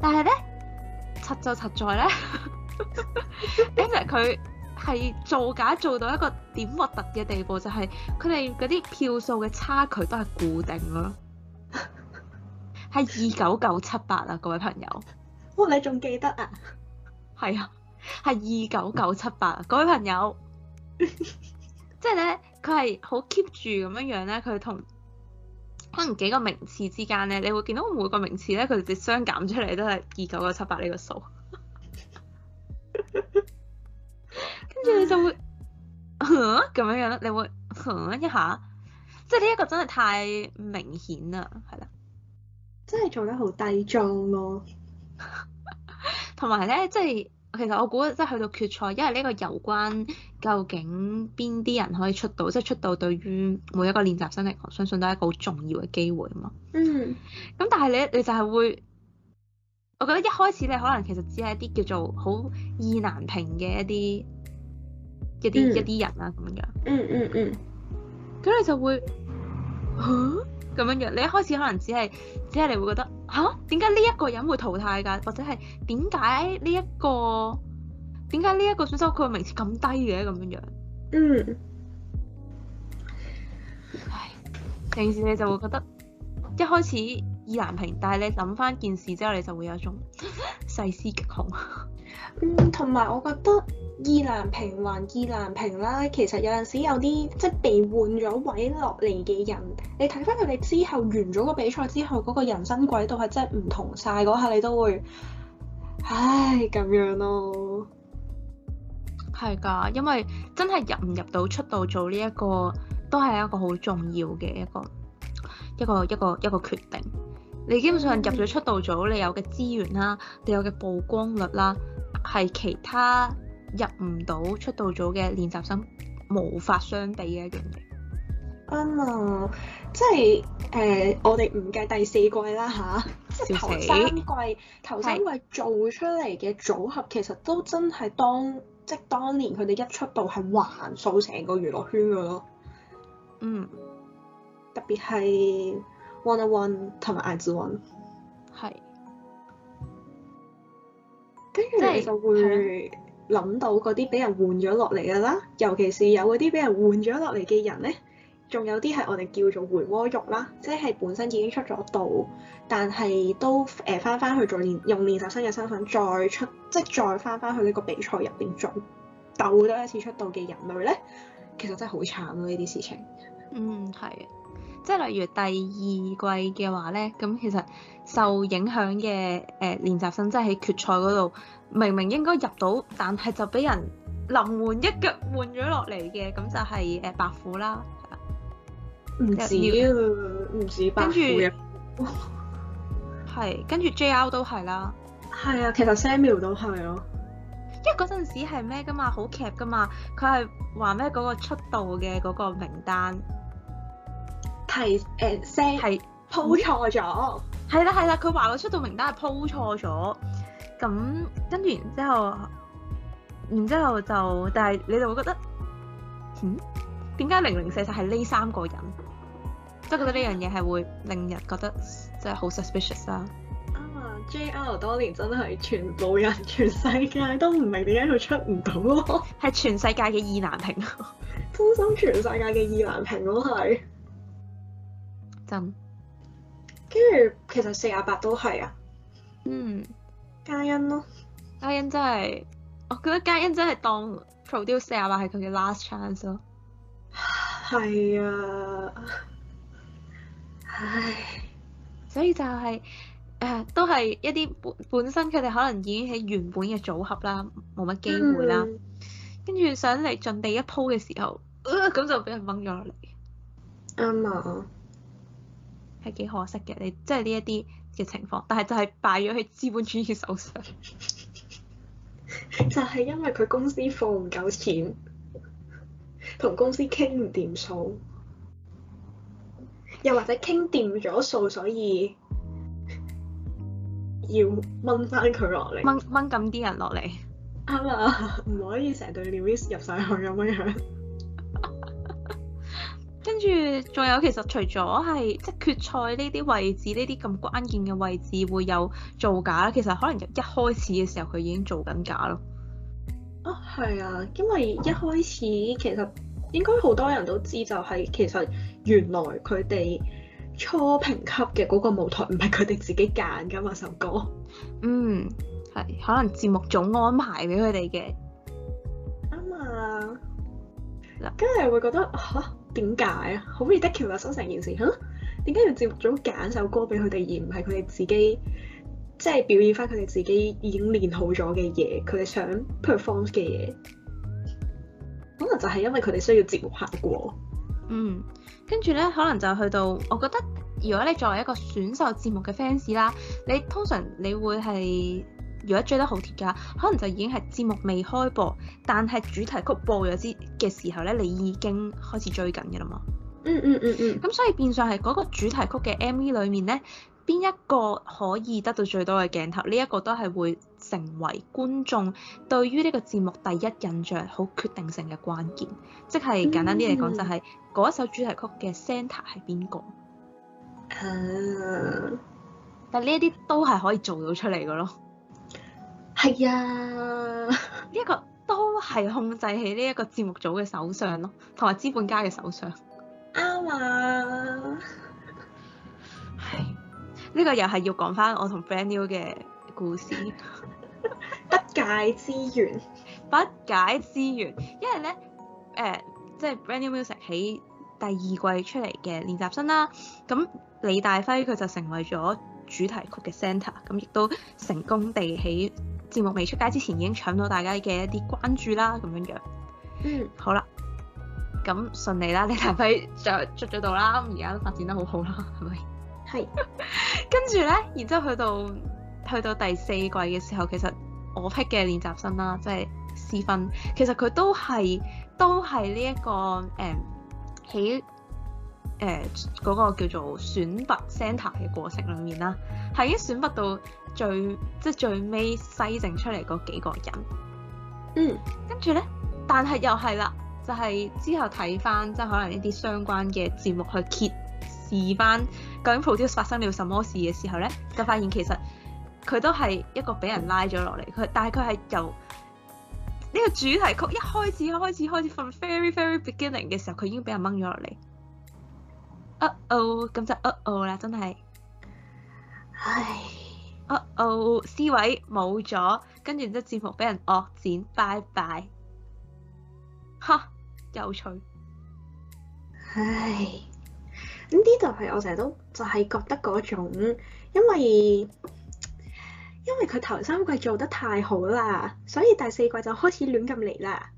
但係咧，拆就拆在咧， 其實佢係造假做到一個點核突嘅地步，就係佢哋嗰啲票數嘅差距都係固定咯，係二九九七八啊，各位朋友。哇，你仲記得 啊？係啊，係二九九七八啊，各位朋友，即係咧。佢係好 keep 住咁樣樣咧，佢同可能幾個名次之間咧，你會見到每個名次咧，佢直接相減出嚟都係二九九七八呢個數， 跟住你就會嚇咁、 嗯、樣樣咧，你會嚇、嗯、一下，即係呢一個真係太明顯啦，係啦，真係做得好低裝咯、哦，同埋咧即係。其實我估即係去到決賽，因為呢個有關究竟邊啲人可以出道，即係出道對於每一個練習生嚟講，相信都係一個好重要嘅機會啊嘛。嗯、mm。咁、hmm. 但係你，你就係會，我覺得一開始你可能其實只係一啲叫做好意難平嘅一啲一啲、mm hmm. 一啲人啦、啊、咁樣。嗯嗯嗯。咁、hmm. 你就會。咁樣樣，你一開始可能只係只係你會覺得嚇，點解呢一個人會淘汰㗎？或者係點解呢一個點解呢一個選手佢名次咁低嘅咁樣樣？嗯，唉，平時你就會覺得一開始意難平，但係你諗翻件事之後，你就會有一種細思極恐。嗯，同埋我覺得意難平還意難平啦。其實有陣時有啲即係被換咗位落嚟嘅人，你睇翻佢哋之後完咗個比賽之後嗰、那個人生軌道係真係唔同晒嗰下，你都會唉咁樣咯。係噶，因為真係入唔入到出道組呢、這個，一個都係一個好重要嘅一個一個一個一個決定。你基本上入咗出道組，你有嘅資源啦，你有嘅曝光率啦。係其他入唔到出道組嘅練習生無法相比嘅一樣嘢。啱啊、嗯、即係誒、呃，我哋唔計第四季啦嚇，死即係頭三季，頭三,三季做出嚟嘅組合是其實都真係當即當年佢哋一出道係橫掃成個娛樂圈噶咯。嗯。特別係 Wanna One 同埋 IZ*ONE。跟住你就會諗到嗰啲俾人換咗落嚟㗎啦，尤其是有嗰啲俾人換咗落嚟嘅人咧，仲有啲係我哋叫做回鍋肉啦，即係本身已經出咗道，但係都誒翻翻去再練，用練習生嘅身份再出，即係再翻翻去呢個比賽入邊再鬥多一次出道嘅人類咧，其實真係好慘咯，呢啲事情。嗯，係。即係例如第二季嘅話咧，咁其實受影響嘅誒練習生，即係喺決賽嗰度明明應該入到，但係就俾人臨門一腳換咗落嚟嘅，咁就係、是、誒、呃、白虎啦。唔止，唔、嗯、止白虎後，係跟住 JR 都係啦。係啊，其實 Samuel 都係咯，因為嗰陣時係咩㗎嘛，好劇㗎嘛，佢係話咩嗰個出道嘅嗰個名單。提誒聲係鋪錯咗，係啦係啦，佢 話、嗯、我出道名單係鋪錯咗，咁跟住然之後，然之後就，但係你就會覺得，嗯，點解零零四實係呢三個人？即係覺得呢樣嘢係會令人覺得即係好 suspicious 啦、啊。啊 JL 當年真係全部人全世界都唔明點解佢出唔到咯，係 全世界嘅意難平，鋪心全世界嘅意難平咯，係。跟住，其實四廿八都係啊，嗯，嘉欣咯，嘉欣真係，我覺得嘉欣真係當 Produce 四廿八係佢嘅 last chance 咯，係 啊，唉，所以就係、是，誒、呃，都係一啲本本身佢哋可能已經喺原本嘅組合啦，冇乜機會啦，跟住想嚟盡地一鋪嘅時候，咁、呃、就俾人掹咗落嚟，啱啊、嗯。係幾可惜嘅，你即係呢一啲嘅情況，但係就係敗咗喺資本主義手上， 就係因為佢公司付唔夠錢，同公司傾唔掂數，又或者傾掂咗數，所以要掹翻佢落嚟，掹掹咁啲人落嚟，啱啦、 啊，唔可以成對面 risk 入晒去咁樣樣。跟住，仲有其實除咗係即係決賽呢啲位置，呢啲咁關鍵嘅位置會有造假啦。其實可能由一開始嘅時候，佢已經做緊假咯。哦，係啊，因為一開始其實應該好多人都知、就係，就係其實原來佢哋初評級嘅嗰個舞台唔係佢哋自己揀噶嘛首歌。嗯，係可能節目組安排俾佢哋嘅，啱啊。跟住會覺得嚇，點解啊？好容易得 d i 生成件事嚇，點解要節目組揀首歌俾佢哋，而唔係佢哋自己即係表演翻佢哋自己已經練好咗嘅嘢，佢哋想 perform 嘅嘢，可能就係因為佢哋需要節目效果。嗯，跟住咧，可能就去到我覺得，如果你作為一個選秀節目嘅 fans 啦，你通常你會係。如果追得好貼噶，可能就已經係節目未開播，但係主題曲播咗之嘅時候咧，你已經開始追緊嘅啦嘛。嗯嗯嗯嗯。咁、嗯嗯、所以變相係嗰個主題曲嘅 MV 裏面咧，邊一個可以得到最多嘅鏡頭，呢、這、一個都係會成為觀眾對於呢個節目第一印象好決定性嘅關鍵。即、就、係、是、簡單啲嚟講，就係嗰一首主題曲嘅 center 係邊個？但呢一啲都係可以做到出嚟嘅咯。係啊，呢 個都係控制喺呢一個節目組嘅手上咯，同埋資本家嘅手上。啱啊，係呢個又係要講翻我同 Brand New 嘅故事，不解之緣，不解之緣，因為呢，誒，即係 Brand New Music 喺第二季出嚟嘅練習生啦。咁李大輝佢就成為咗主題曲嘅 center，咁亦都成功地喺節目未出街之前已經搶到大家嘅一啲關注啦，咁樣樣。嗯，好啦，咁順利啦，李大輝就出咗道啦，咁而家都發展得好好啦，係咪？係是。跟住咧，然之後去到去到第四季嘅時候，其實我批嘅練習生啦，即係試分。Fun，其實佢都係都係呢一個誒起誒嗰個叫做選拔 center 嘅過程裏面啦，係已經選拔到。最即係最尾篩剩出嚟嗰幾個人，嗯，跟住呢，但係又係啦，就係、是、之後睇翻即係可能一啲相關嘅節目去揭示翻究竟 produce 發生了什麼事嘅時候呢，就發現其實佢都係一個俾人拉咗落嚟，佢但係佢係由呢個主題曲一開始開始開始 from very very beginning 嘅時候，佢已經俾人掹咗落嚟，呃、uh、哦，咁、oh, 就呃哦啦，真係，唉。哦哦、uh oh，C 位冇咗，跟住即係節目俾人惡剪，拜拜，吓有趣。唉，咁呢度係我成日都就係覺得嗰種，因為因為佢頭三季做得太好啦，所以第四季就開始亂咁嚟，啦，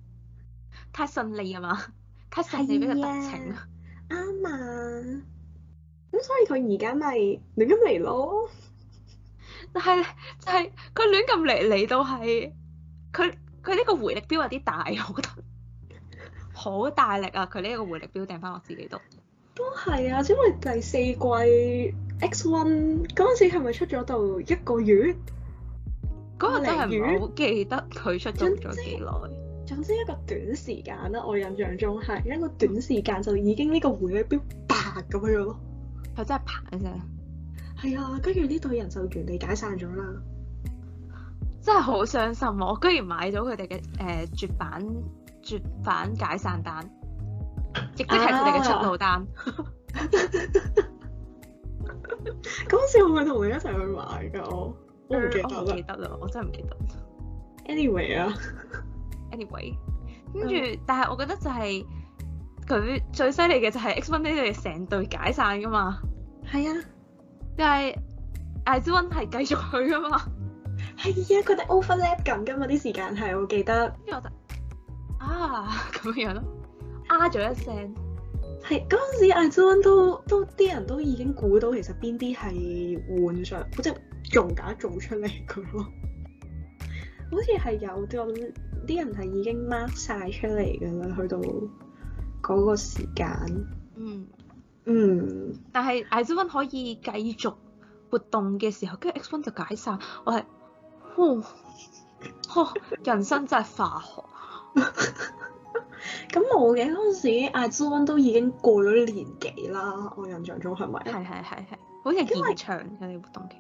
太順利啊嘛，太順利俾佢得逞，啱嘛？、啊，咁、啊、所以佢而家咪亂咁嚟咯。係，就係、是、佢亂咁嚟嚟到係，佢佢呢個回力標有啲大，我覺得好大力啊！佢呢個回力標掟翻我自己度。都係啊，因為第四季 X One 嗰陣時係咪出咗到一個月？嗰個真係唔好記得佢出咗幾耐。總之一個短時間啦、啊，我印象中係一個短時間就已經呢個回力標拔咁樣咯，佢、嗯、真係爬嘅。係啊，跟住呢隊人就原地解散咗啦，真係好傷心。我居然買咗佢哋嘅誒絕版絕版解散單，亦即係佢哋嘅出路單。咁、啊、笑唔笑同你一齊去買噶？我唔記，、嗯、記得啦，我真係唔記得。Anyway 啊，Anyway，跟住、嗯、但係我覺得就係、是、佢最犀利嘅就係 X One 呢度成隊解散噶嘛，係啊、嗯。但係 IZONE 係繼續去噶嘛，係啊，佢哋 overlap 緊噶嘛，啲時間係，我記得。因為我就啊咁樣咯，啊咗一聲，係嗰陣時 IZONE 都都啲人都已經估到其實邊啲係換上，即係仲假做出嚟噶咯， 好似係有啲咁啲人係已經 mark 晒出嚟噶啦，去到嗰個時間。嗯。嗯，但係艾 o n 可以繼續活動嘅時候，跟住 X One 就解散。 嗯、我係，哦、right? 嗯，人生真係化學。咁冇嘅嗰陣時，X o n 都已經過咗年幾啦。我印象中係咪？係係係係，好似延長嘅。你為活動期。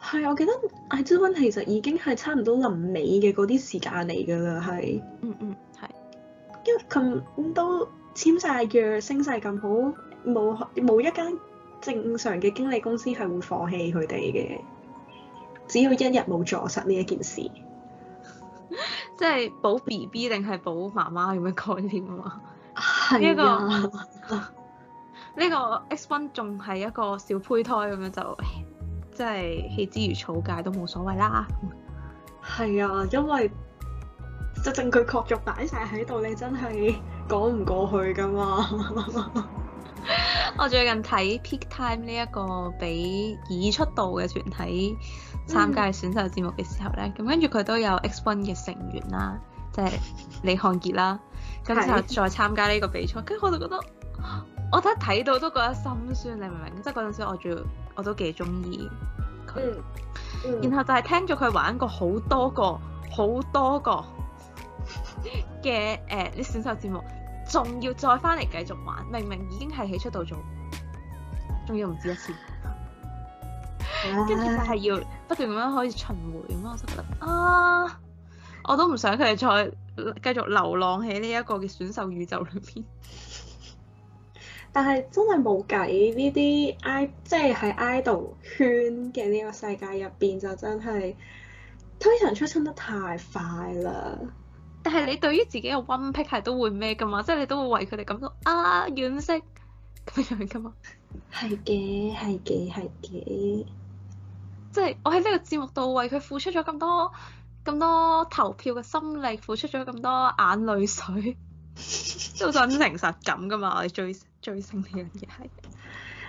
係，我記得艾 o n 其實已經係差唔多臨尾嘅嗰啲時間嚟噶啦，係、嗯。嗯嗯，係。因為咁都簽晒約，聲勢咁好。冇冇一間正常嘅經理公司係會放棄佢哋嘅，只要一日冇坐實呢一件事， 即係保 B B 定係保媽媽咁嘅概念 是啊嘛，這個。呢啊，呢個 X One 仲係一個小胚胎咁樣就，即係棄之如草芥都冇所謂啦。係 啊，因為即係證據確鑿擺晒喺度，你真係講唔過去噶嘛。 我最近睇《Peak Time》呢一個俾已出道嘅團體參加嘅選秀節目嘅時候咧，咁跟住佢都有 X1 嘅成員啦，即係李漢杰啦，咁就 再參加呢個比賽，跟住我就覺得，我一睇到都覺得心酸，你明唔明？即係嗰陣時我仲我都幾中意佢，嗯嗯、然後就係聽咗佢玩過好多個好多個嘅誒啲選秀節目。仲要再翻嚟繼續玩，明明已經係起出道咗，仲要唔止一次，跟住 就係要不斷咁樣可以循環，咁，我就覺得啊，我都唔想佢哋再繼續流浪喺呢一個嘅選秀宇宙裏邊。 但係真係冇計呢啲 i 即係喺 idol 圈嘅呢個世界入邊，就真係推陳出新得太快啦。但係你對於自己嘅 one pick 係都會咩嘅嘛？即係你都會為佢哋感到啊惋惜咁樣嘅嘛？係嘅，係嘅，係嘅。即係我喺呢個節目度為佢付出咗咁多咁多投票嘅心力，付出咗咁多眼淚水，都真誠實咁嘅嘛。 我最最心呢樣嘢係。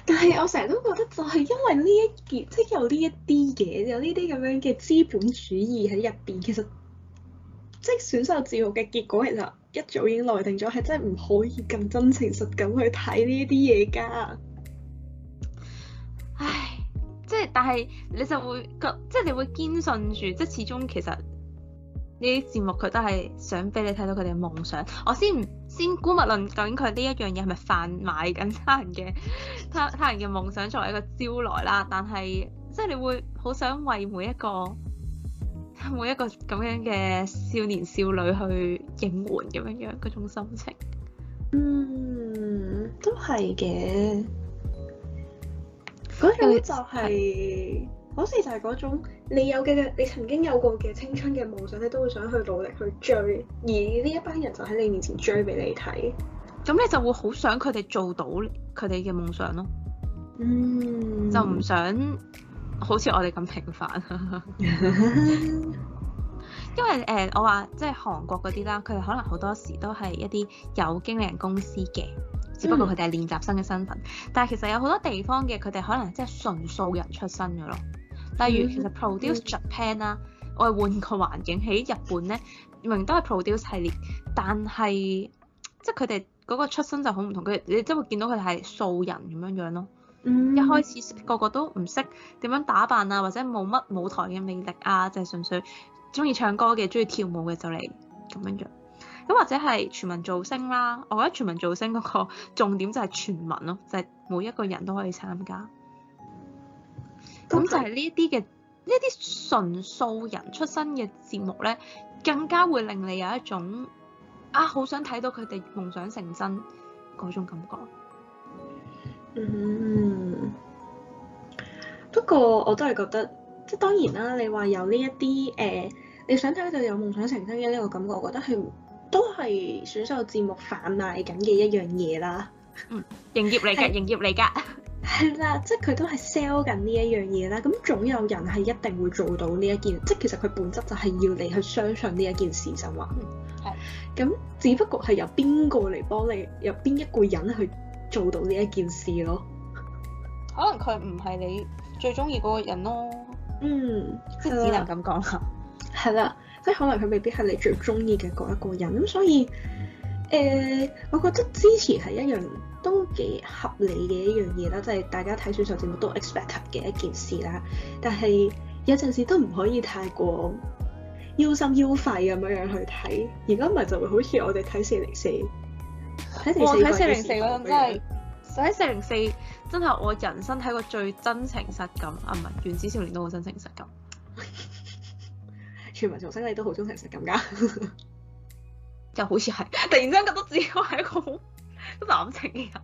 但係我成日都覺得就係因為呢一件，即係有呢一啲嘅，有呢啲咁樣嘅資本主義喺入邊，其實。即選秀節目嘅結果其實一早已經內定咗，係真係唔可以咁真情實感去睇呢啲嘢噶。唉，即係但係你就會覺，即係你會堅信住，即係始終其實呢啲節目佢都係想俾你睇到佢哋嘅夢想。我先唔先估密論姑勿論究竟佢呢一樣嘢係咪販賣緊他人嘅他他人嘅夢想作為一個招徠啦？但係即係你會好想為每一個。每一個咁樣嘅少年少女去應援咁樣樣嗰種心情，嗯，都係嘅。嗰樣咧就係、是，好似的就係嗰種你有嘅你曾經有過嘅青春嘅夢想，你都會想去努力去追，而呢一班人就喺你面前追俾你睇，咁你就會好想佢哋做到佢哋嘅夢想咯。嗯，就唔想。好似我哋咁平凡 因為誒、呃，我話即係韓國嗰啲啦，佢哋可能好多時都係一啲有經理人公司嘅，只不過佢哋係練習生嘅身份。但係其實有好多地方嘅佢哋可能即係純素人出身嘅咯。例如其實 produce Japan 啦、嗯，嗯、我哋換個環境喺日本咧，明明都係 produce 系列，但係即係佢哋嗰個出身就好唔同。佢哋你即係會見到佢哋係素人咁樣樣咯。嗯、一開始個個都唔識點樣打扮啊，或者冇乜舞台嘅魅力啊，就係純粹中意唱歌嘅、中意跳舞嘅就嚟咁樣樣。咁或者係全民造星啦，我覺得全民造星嗰、嗰個重點就係全民咯，就係、是、每一個人都可以參加。咁、嗯、就係呢一啲嘅呢一啲純素人出身嘅節目咧，更加會令你有一種啊好想睇到佢哋夢想成真嗰種感覺。嗯，不過我都係覺得，即當然啦。你話有呢一啲誒，你想睇就有夢想成真嘅呢個感覺，我覺得係都係選秀節目販賣緊嘅一樣嘢啦。嗯，營業嚟嘅， 是營業嚟㗎。係啦， 即佢都係 sell 緊呢一樣嘢啦。咁總有人係一定會做到呢一件，即其實佢本質就係要你去相信呢一件事就話。係、嗯。咁、嗯、只不過係由邊個嚟幫你，由邊一個人去做到呢一件事咯，可能佢唔係你最中意嗰個人咯，嗯，即只能咁講吓，係啦、嗯，即係 可能佢未必係你最中意嘅嗰一個人，咁所以，誒、呃，我覺得支持係一樣都幾合理嘅一樣嘢啦，即、就、係、是、大家睇選秀節目都 expect 嘅一件事啦，但係有陣時都唔可以太過腰心腰肺咁樣樣去睇，而家唔係就會好似我哋睇四零四。我睇四零四》嗰陣、哦嗯、真係是，嗯《狂睇四零四》真係我人生睇過最真情實感，啊唔係《原子少年》都好真情實感。 全民造星你都好真情實感噶， 就好似係突然間覺得自己係一個好感情嘅人。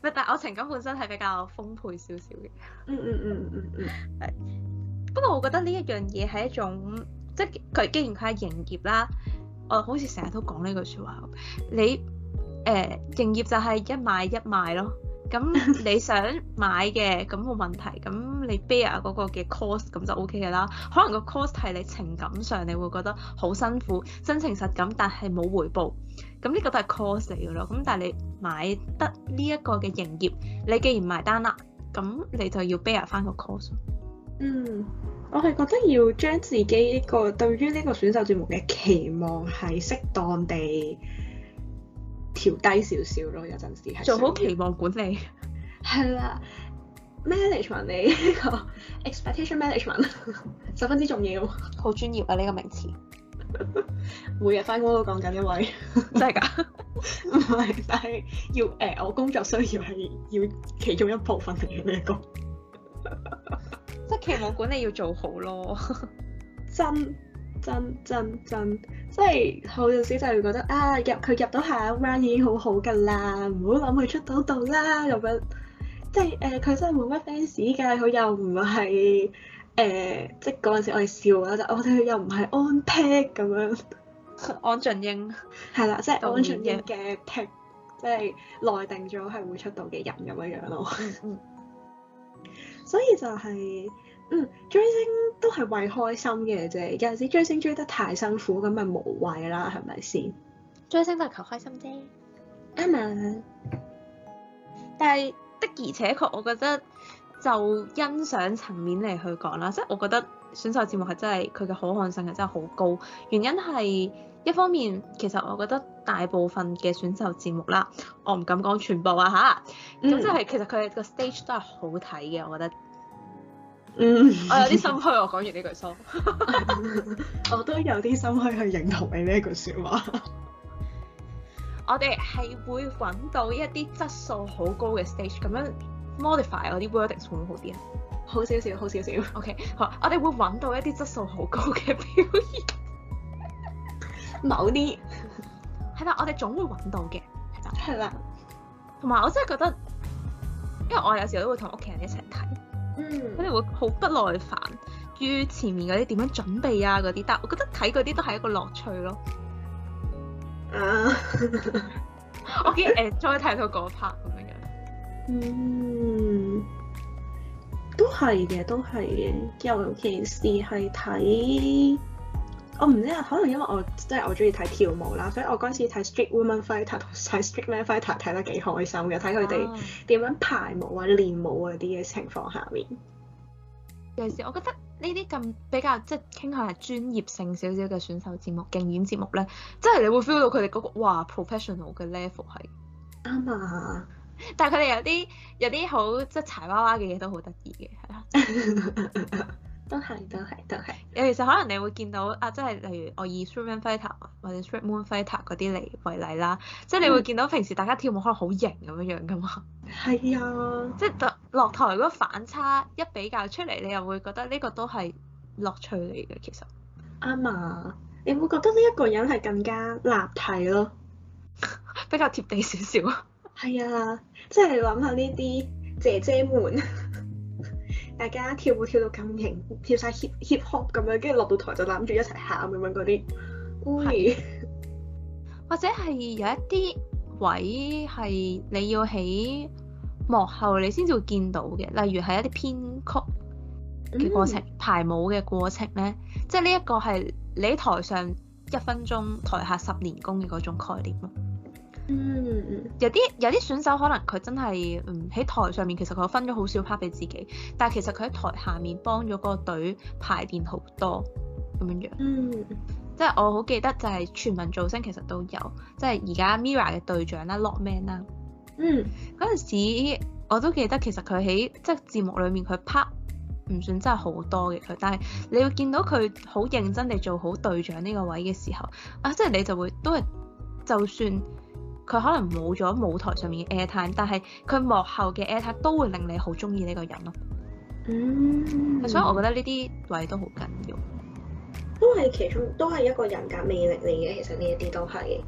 唔係，但係我情感本身係比較豐沛少少嘅。嗯嗯嗯嗯嗯嗯，係、嗯嗯。不過我覺得呢一樣嘢係一種，即係佢既然佢係營業啦。我好似成日都講呢句説話，你誒營業就係一買一賣咯。咁你想買嘅咁冇問題，咁你 bear 嗰個嘅 cost 咁就 OK 嘅啦。可能個 cost 係你情感上你會覺得好辛苦，真情實感，但係冇回報。咁呢個都係 cost 嚟㗎啦。咁但係你買得呢一個嘅營業，你既然埋單啦，咁你就要 bear 翻個 cost。嗯。我係覺得要將自己呢個對於呢個選秀節目嘅期望係適當地調低少少咯，有陣時係做好期望管理係啦，management 呢個 expectation management 十分之重要，好 專業啊呢、呢個名詞。 每日翻工都講緊一位， 真係㗎？唔係， 但係要誒、呃，我工作需要係要其中一部分嚟嘅呢一.即係期望管理要做好咯 真，真真真真，即係好陣時就係覺得啊入佢入到下一 round 已經好好噶啦，唔好諗佢出到度啦咁樣，即係誒佢真係冇乜 fans 噶，佢又唔係誒即係嗰陣時我哋笑啦就我哋又唔係安 pick 咁樣， 安俊英係啦， 嗯、ick, 即係安俊英嘅 pick，即係內定咗係會出到嘅人咁樣樣咯， 嗯、 所以就係、是。嗯，追星都係為開心嘅啫，有陣時追星追得太辛苦，咁咪無謂啦，係咪先？追星都係求開心啫，啱唔啱？嗯、但係的而且確，我覺得就欣賞層面嚟去講啦，即係我覺得選秀節目係真係佢嘅可看性係真係好高，原因係一方面其實我覺得大部分嘅選秀節目啦，我唔敢講全部啊吓？咁、嗯、即係其實佢個 stage 都係好睇嘅，我覺得。嗯、mm hmm.，我， 我有啲心虛，我講完呢句數，我都有啲心虛去認同你呢句說話。 我哋係會搵到一啲質素好高嘅 stage，咁樣 modify 我啲 wordings 會唔會好啲啊？好少少，好少少。 OK，好，我哋會搵到一啲質素好高嘅表演， 某啲係啦，我哋總會搵到嘅，係啦。同埋的我真係覺得，因為我有時都會同屋企人一齊。佢哋會好不耐煩於前面嗰啲點樣準備啊嗰啲，但我覺得睇嗰啲都係一個樂趣咯。 我見誒，再睇到嗰 part 咁樣樣，嗯，都係嘅，都係嘅，尤其是係睇。我唔知啊，可能因為我即係我中意睇跳舞啦，所以我嗰時睇《Street Woman Fighter》，睇《Street Man Fighter》，睇得幾開心嘅，睇佢哋點樣排舞或者練舞嗰啲嘅情況下面。有時、啊、我覺得呢啲咁比較即係、就是、傾向係專業性少少嘅選手節目、競演節目咧，即係你會 feel 到佢哋嗰個哇 professional 嘅 level 係啱、嗯、啊！但係佢哋有啲有啲好即係柴娃娃嘅嘢都好得意嘅，係啦。 都係，都係，都係。尤其係可能你會見到啊，即係例如我以 Street Man Fighter 或者 Street Woman Fighter 嗰啲嚟為例啦，即係你會見到平時大家跳舞可能好型咁樣樣噶嘛。係啊、嗯。即係落台嗰反差一比較出嚟，你又會覺得呢個都係樂趣嚟嘅，其實。啱啊！你會覺得呢一個人係更加立體咯， 比較貼地少少。係啊，即係你諗下呢啲姐姐們。 大家跳舞跳到咁型，跳晒 hip hop 咁樣，跟住落到台就攬住一齊喊咁樣嗰啲，會、哎、是 或者係有一啲位係你要喺幕後你先至會見到嘅，例如係一啲編曲嘅過程、嗯、排舞嘅過程咧，即係呢一個係你喺台上一分鐘，台下十年功嘅嗰種概念咯。嗯，有啲有啲選手可能佢真係嗯喺台上面，其實佢分咗好少 part 俾自己，但係其實佢喺台下面幫咗個隊排練好多咁樣樣。嗯，即係我好記得就係、是、全民造星其實都有，即係而家 Mira 嘅隊長啦，Lockman 啦。Man, 嗯，嗰陣時我都記得，其實佢喺即係節目裡面佢 part 唔算真係好多嘅佢，但係你會見到佢好認真地做好隊長呢個位嘅時候啊，即係你就會都係就算。佢可能冇咗舞台上面嘅 air time，但係佢幕後嘅 air time 都會令你好中意呢個人咯。嗯。嗯。所以，我覺得呢啲位都好緊要。都係其中，都係一個人格魅力嚟嘅。其實呢一啲都係。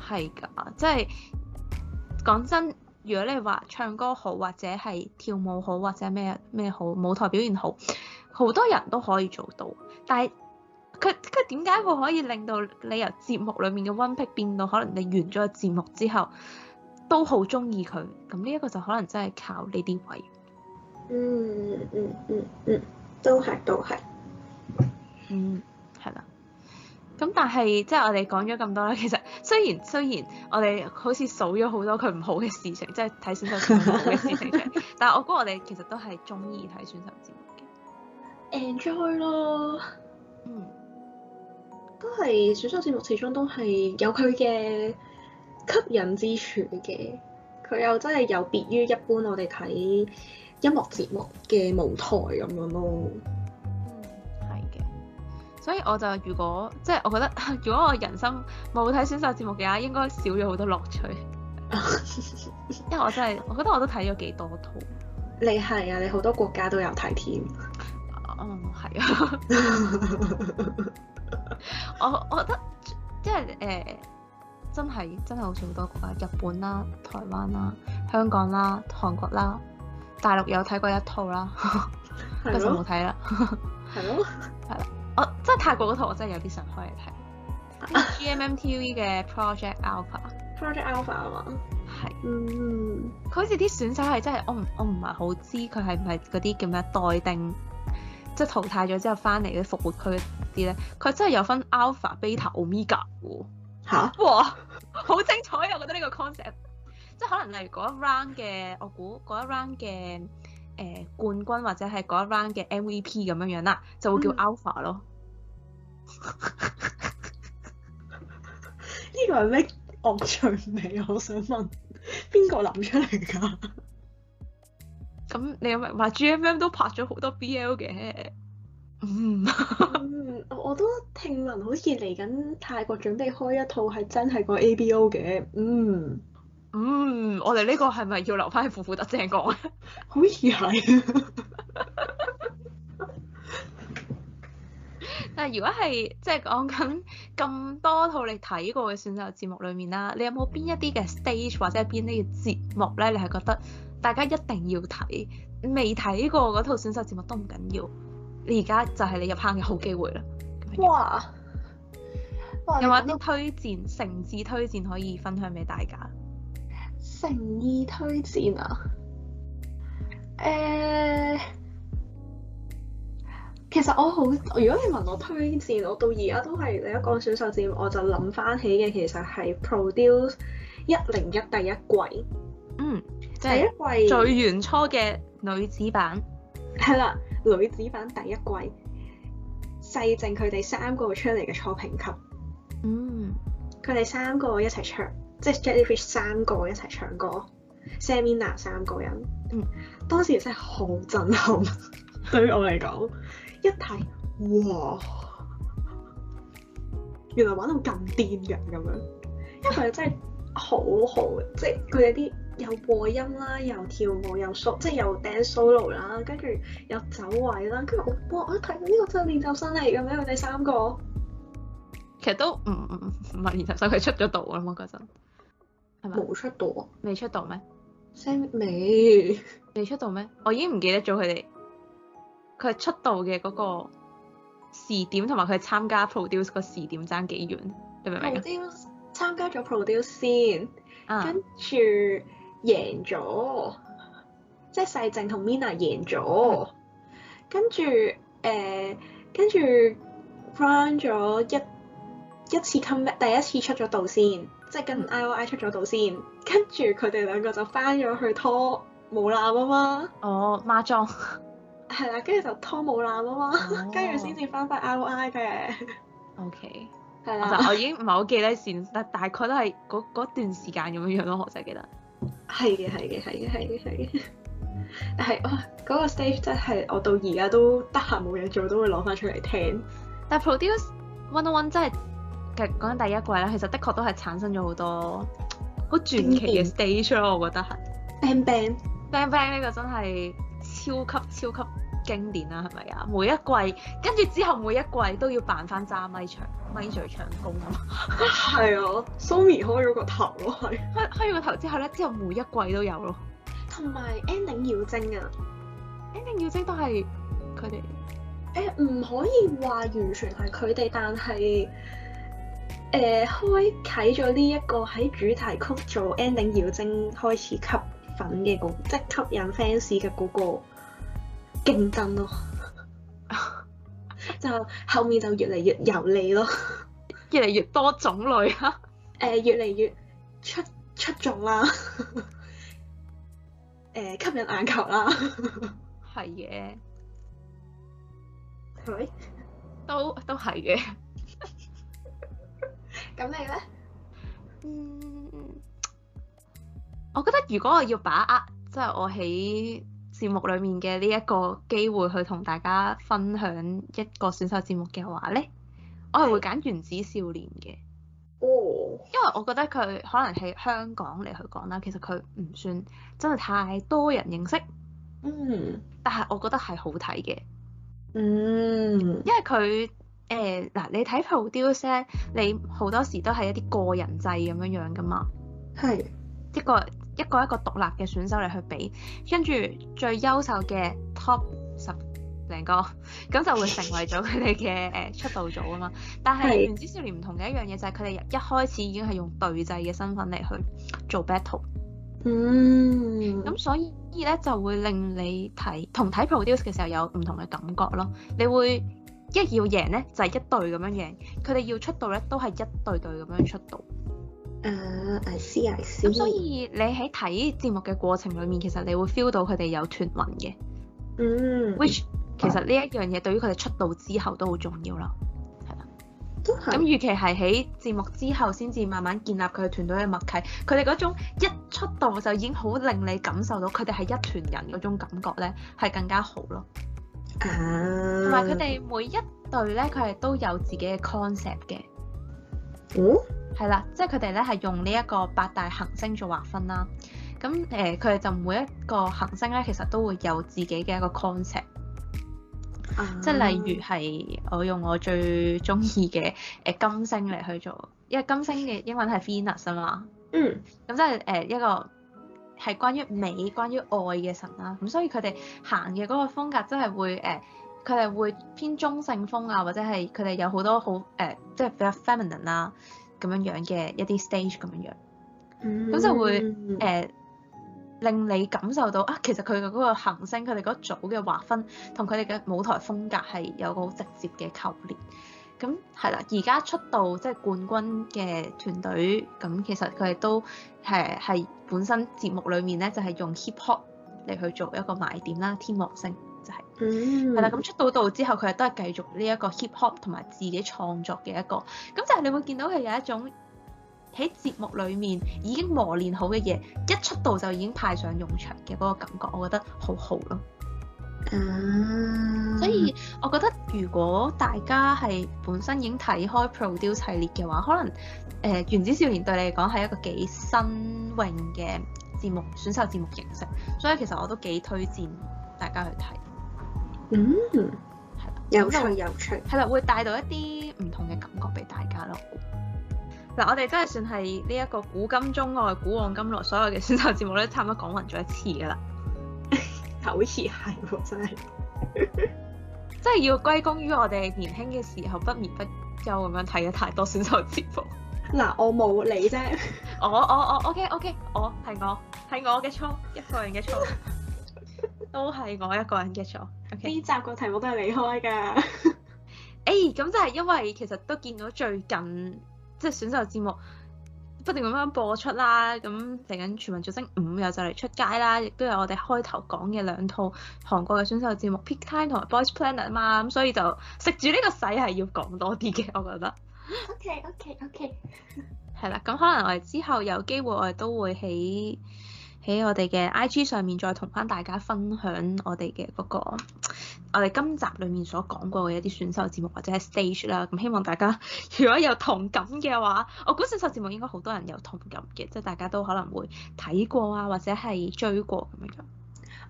係㗎，即係講真，如果你話唱歌好，或者係跳舞好，或者咩咩好，舞台表現好，好多人都可以做到，但係。佢佢點解會可以令到你由節目裡面嘅温癖變到可能你完咗個節目之後都好中意佢？咁呢一個就可能真係靠呢啲位。嗯嗯嗯嗯都係都係。嗯，係、嗯、啦。咁、嗯嗯、但係即係我哋講咗咁多啦，其實雖然雖然我哋好似數咗好多佢唔好嘅事情，即係睇選秀節目嘅事情， 但係我估我哋其實都係中意睇選秀節目嘅。Enjoy 咯。嗯。都係選秀節目，始終都係有佢嘅吸引之處嘅。佢又真係有別於一般我哋睇音樂節目嘅舞台咁樣咯。嗯，係嘅。所以我就如果即係我覺得，如果我人生冇睇選秀節目嘅話，應該少咗好多樂趣。 因為我真係我覺得我都睇咗幾多套。你係啊？你好多國家都有睇添。哦、嗯，係啊。 我我覺得即係誒真係、呃、真係好似好多國啊，日本啦、台灣啦、香港啦、韓國啦、大陸有睇過一套啦，嗰套冇睇啦。好的，咯，係啦、哦。 我真係泰國嗰套，我真係有啲想開嚟睇。 GMMTV 嘅 Project Alpha。Project Alpha 啊嘛。係的。嗯。佢好似啲選手係真係我唔我唔係好知佢係唔係嗰啲叫咩待定。即係淘汰咗之後翻嚟嘅復活區啲咧，佢真係有分 alpha、beta 蛤、omega 喎。嚇！哇，好精彩啊！我覺得呢個 concept，即係可能例如嗰一 round 嘅，我估嗰一 round 嘅誒冠軍或者係嗰一 round 嘅 MVP 咁樣樣啦，就會叫 alpha 咯。呢、嗯、 個係咩惡趣味？我想問邊個諗出嚟㗎？咁你有冇話 GMM 都拍咗好多 B L 嘅？Mm. 嗯，我我都聽聞好似嚟緊泰國準備開一套係真係個 A B O 嘅。嗯、mm. 嗯，我哋呢個係咪要留翻喺負負得正講啊？好似係。但係如果係即係講緊咁多套你睇過嘅選秀節目裡面啦，你有冇邊一啲嘅 stage 或者係邊啲嘅節目咧？你係覺得？大家一定要睇，未睇過嗰套選秀節目都唔緊要，你而家就係你入坑嘅好機會啦。哇！有冇一啲推薦，誠摯推薦可以分享俾大家？誠意推薦啊？誒、uh，其實我好，如果你問我推薦，我到而家都係你一講選秀節目，我就諗翻起嘅，其實係《produce 一零一》第一季，嗯。第一季最原初嘅女子版，係啦， 女子版第一季，細淨佢哋三個出嚟嘅初評級。嗯，佢哋三個一齊唱，即係 Jellyfish 三個一齊唱歌，Samina 三個人。嗯，當時真係好震撼，對於我嚟講， 一睇，哇，原來玩到咁癲嘅咁樣，因為真係好好， 即係佢哋啲。又播音啦，又跳舞，又熟，即係又 dance solo 啦，跟住又走位啦，跟住我哇！我睇到呢個真係練習生嚟嘅咩？佢哋三個其實都唔唔唔唔係練習生，佢出咗道啊嘛嗰陣係咪？冇出道？未 出道咩？未未出道咩？我已經唔記得咗佢哋佢出道嘅嗰個時點，同埋佢參加 produce 個時點爭幾遠？嗯、你明唔明 p r o 參加咗 produce 先，啊、跟住。贏咗，即係世正同 Mina 贏咗，嗯呃，跟住誒，跟住 round 咗一一次 comeback 第一次出咗道先，即係跟 I.O.I 出咗道先，嗯、跟住佢哋兩個就翻咗去拖無覽啊嘛。哦，孖裝。係啦，跟住就拖無覽啊嘛，跟住先至翻翻 I.O.I 嘅。IO O.K. 係啊的。我就我已經唔係好記得線，但大概都係嗰段時間咁樣樣咯，我就記得。係嘅，係嘅，係嘅，係嘅，係嘅。但係哇，嗰個 stage 真係我到而家都得閒冇嘢做都會攞翻出嚟聽。但 Produce 101真係其實講緊第一季啦，其實的確都係產生咗好多好傳奇嘅 stage 咯，我覺得係。Bang bang bang bang 呢個真係超級超級。經典啦，係咪啊？每一季跟住之後，每一季都要扮翻揸咪唱咪嘴唱功。咁係啊，Somi 開咗個頭咯，開開咗個頭之後咧，之後每一季都有咯。同埋 ending 妖精啊，ending 妖精都係佢哋，誒唔可以話完全係佢哋，但係誒、呃、開啓咗呢一個喺主題曲做 ending 妖精開始吸粉嘅嗰即吸引 fans 嘅嗰個。競爭咯，就後面就越嚟越油膩咯，越嚟越多種類啦，誒越嚟越出出眾啦，誒吸引眼球啦，係嘅，係都都係嘅，咁你咧？嗯，我覺得如果我要把握，即係我喺。節目裡面嘅呢一個機會去同大家分享一個選秀節目嘅話呢，是我係會揀原子少年嘅。哦。因為我覺得佢可能係香港嚟去講啦，其實佢唔算真係太多人認識。嗯。但係我覺得係好睇嘅。嗯。因為佢誒嗱，你睇 produce，你好多時都係一啲個人制咁樣樣㗎嘛。係是。一個。一個一個獨立嘅選手嚟去比，跟住最優秀嘅 top 十零個，咁就會成為咗佢哋嘅誒出道組啊嘛。 但係是《原子少年》唔同嘅一樣嘢就係佢哋一開始已經係用隊制嘅身份嚟去做 battle。嗯。咁所以咧就會令你睇同睇 produce 嘅時候有唔同嘅感覺咯。你會一要贏咧就係、是、一隊咁樣贏，佢哋要出道咧都係一隊隊咁樣出道。誒、I see, I see。咁、uh, 所以你喺睇節目嘅過程裏面，其實你會 feel 到佢哋有團魂嘅。嗯、mm.，which 其實呢一樣嘢對於佢哋出道之後都好重要啦。係啦，都係。咁預期係喺節目之後先至慢慢建立佢哋團隊嘅默契，佢哋嗰種一出道就已經好令你感受到佢哋係一團人嗰種感覺咧，係更加好咯。啊！同埋佢哋每一隊咧，佢係都有自己嘅 concept 嘅。嗯，係啦，哦，即係佢哋咧，係用呢一個八大行星做劃分啦。咁誒，佢，呃，哋就每一個行星咧，其實都會有自己嘅一個 concept。即係，啊、例如係我用我最中意嘅誒金星嚟，去做，因為金星嘅英文係 Venus 啊嘛。嗯。咁即係誒一個係關於美，關於愛嘅神啦。咁所以佢哋行嘅嗰個風格真係會誒。呃佢哋會偏中性風啊，或者係佢哋有好多好誒即係比較 feminine 啦咁樣樣嘅一啲 stage 咁樣樣，嗯。咁就會誒、呃、令你感受到啊，其實佢嘅嗰個行星，佢哋組嘅劃分同佢哋嘅舞台風格係有個好直接嘅扣連。咁係啦，而家出道即係、就是、冠軍嘅團隊，咁其實佢哋都誒係本身節目裏面咧，就係用 hip hop 嚟去做一個賣點啦，天王星。就係係啦。咁、嗯、 出到道之後，佢又都係繼續呢一個 hip hop 同埋自己創作嘅一個咁。就係你會見到佢有一種喺節目裡面已經磨練好嘅嘢，一出道就已經派上用場嘅嗰個感覺，我覺得好好咯。嗯，所以我覺得如果大家係本身已經睇開 Produce 系列嘅話，可能誒原子少年對你嚟講係一個幾新穎嘅節目、選秀節目形式，所以其實我都幾推薦大家去睇。嗯，係啦吧，有趣有趣，係啦，會帶到一啲唔同嘅感覺俾大家咯。嗱、嗯，我哋都係算係呢一個古今中外、古往今來所有嘅選秀節目咧，差唔多講匀咗一次噶啦。好似係，真係，真係要歸功於我哋年輕嘅時候不眠不休咁樣睇咗太多選秀節目。嗱、 啊，我冇你啫， oh, oh, okay, okay. Oh, 我我我，O K O K，我係我係我嘅錯， 一個人嘅錯。 都係我一個人嘅錯。okay。呢集個題目都係離開噶。誒，咁就係因為其實都見到最近即係選秀節目不斷咁樣播出啦。咁嚟緊全民造星五又就嚟出街啦，亦都有我哋開頭講嘅兩套韓國嘅選秀節目《Pick Time》同埋《Boys Planet》啊嘛。咁所以就食住呢個洗係要講多啲嘅，我覺得。OK，OK，OK。係啦，咁可能我哋之後有機會，我哋都會喺。喺我哋嘅 IG 上面再同翻大家分享我哋嘅嗰個，我哋今集裏面所講過嘅一啲選秀節目或者係 stage 啦，咁希望大家如果有同感嘅話，我估選秀節目應該好多人有同感嘅，即係大家都可能會睇過啊，或者係追過咁樣樣。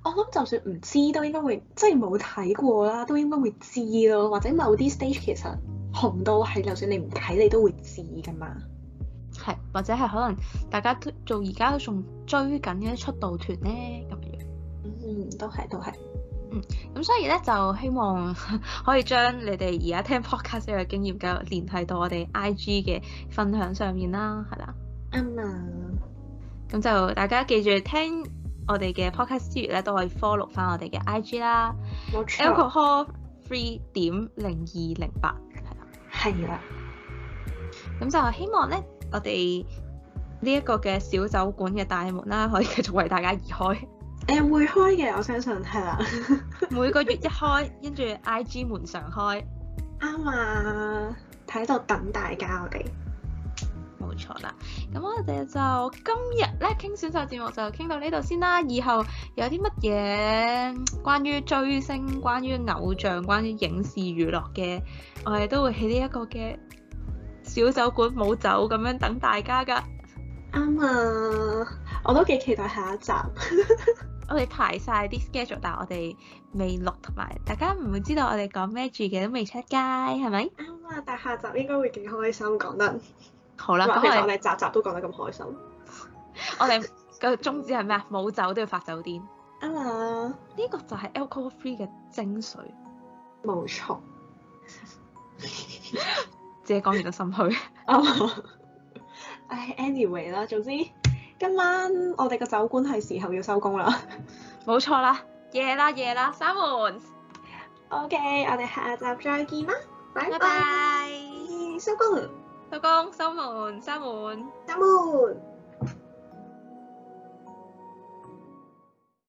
我諗就算唔知都應該會，即係冇睇過啦，都應該會知咯。或者某啲 stage 其實紅到係就算你唔睇你都會知噶嘛。係，或者係可能大家都做而家都仲追緊啲出道團咧咁樣。嗯，都係都係。嗯，咁所以咧就希望可以將你哋而家聽 Podcast 嘅經驗，繼續聯繫到我哋 IG 嘅分享上面啦，係啦。啱啊、嗯。咁、嗯、就大家記住聽我哋嘅 Podcast 之餘咧，都可以 follow 翻我哋嘅 IG 啦。Alcohol three 點零二零八係啦。係啦。咁的就希望咧～我哋呢一個嘅小酒館嘅大門啦，可以繼續為大家而開。誒，會開嘅，我相信係啦。每個月一開，跟住 IG 門常開。啱啊，喺度等大家我哋。冇錯啦。咁我哋就今日咧傾選秀節目就傾到呢度先啦。以後有啲乜嘢關於追星、關於偶像、關於影視娛樂嘅，我哋都會喺呢一個嘅。小酒館冇酒咁樣等大家㗎，啱啊、嗯！我都幾期待下一集。 我哋排晒啲 schedule，但係我哋未錄同埋，大家唔會知道我哋講咩住嘅都未出街，係咪？啱啊、嗯！但係下集應該會幾開心講得。好啦吧，我哋集集都講得咁開心。 我哋個宗旨係咩啊？冇酒都要發酒癲。啱啊啦！呢個就係 Alcohol Free 嘅精髓。冇錯。 自己講完就心虛。啱。唉，anyway 啦，總之今晚我哋個酒館係時候要收工啦。冇錯啦，夜啦夜啦，閂門。OK，我哋下集再見啦，拜拜。收工，收工，閂門，閂門，閂門。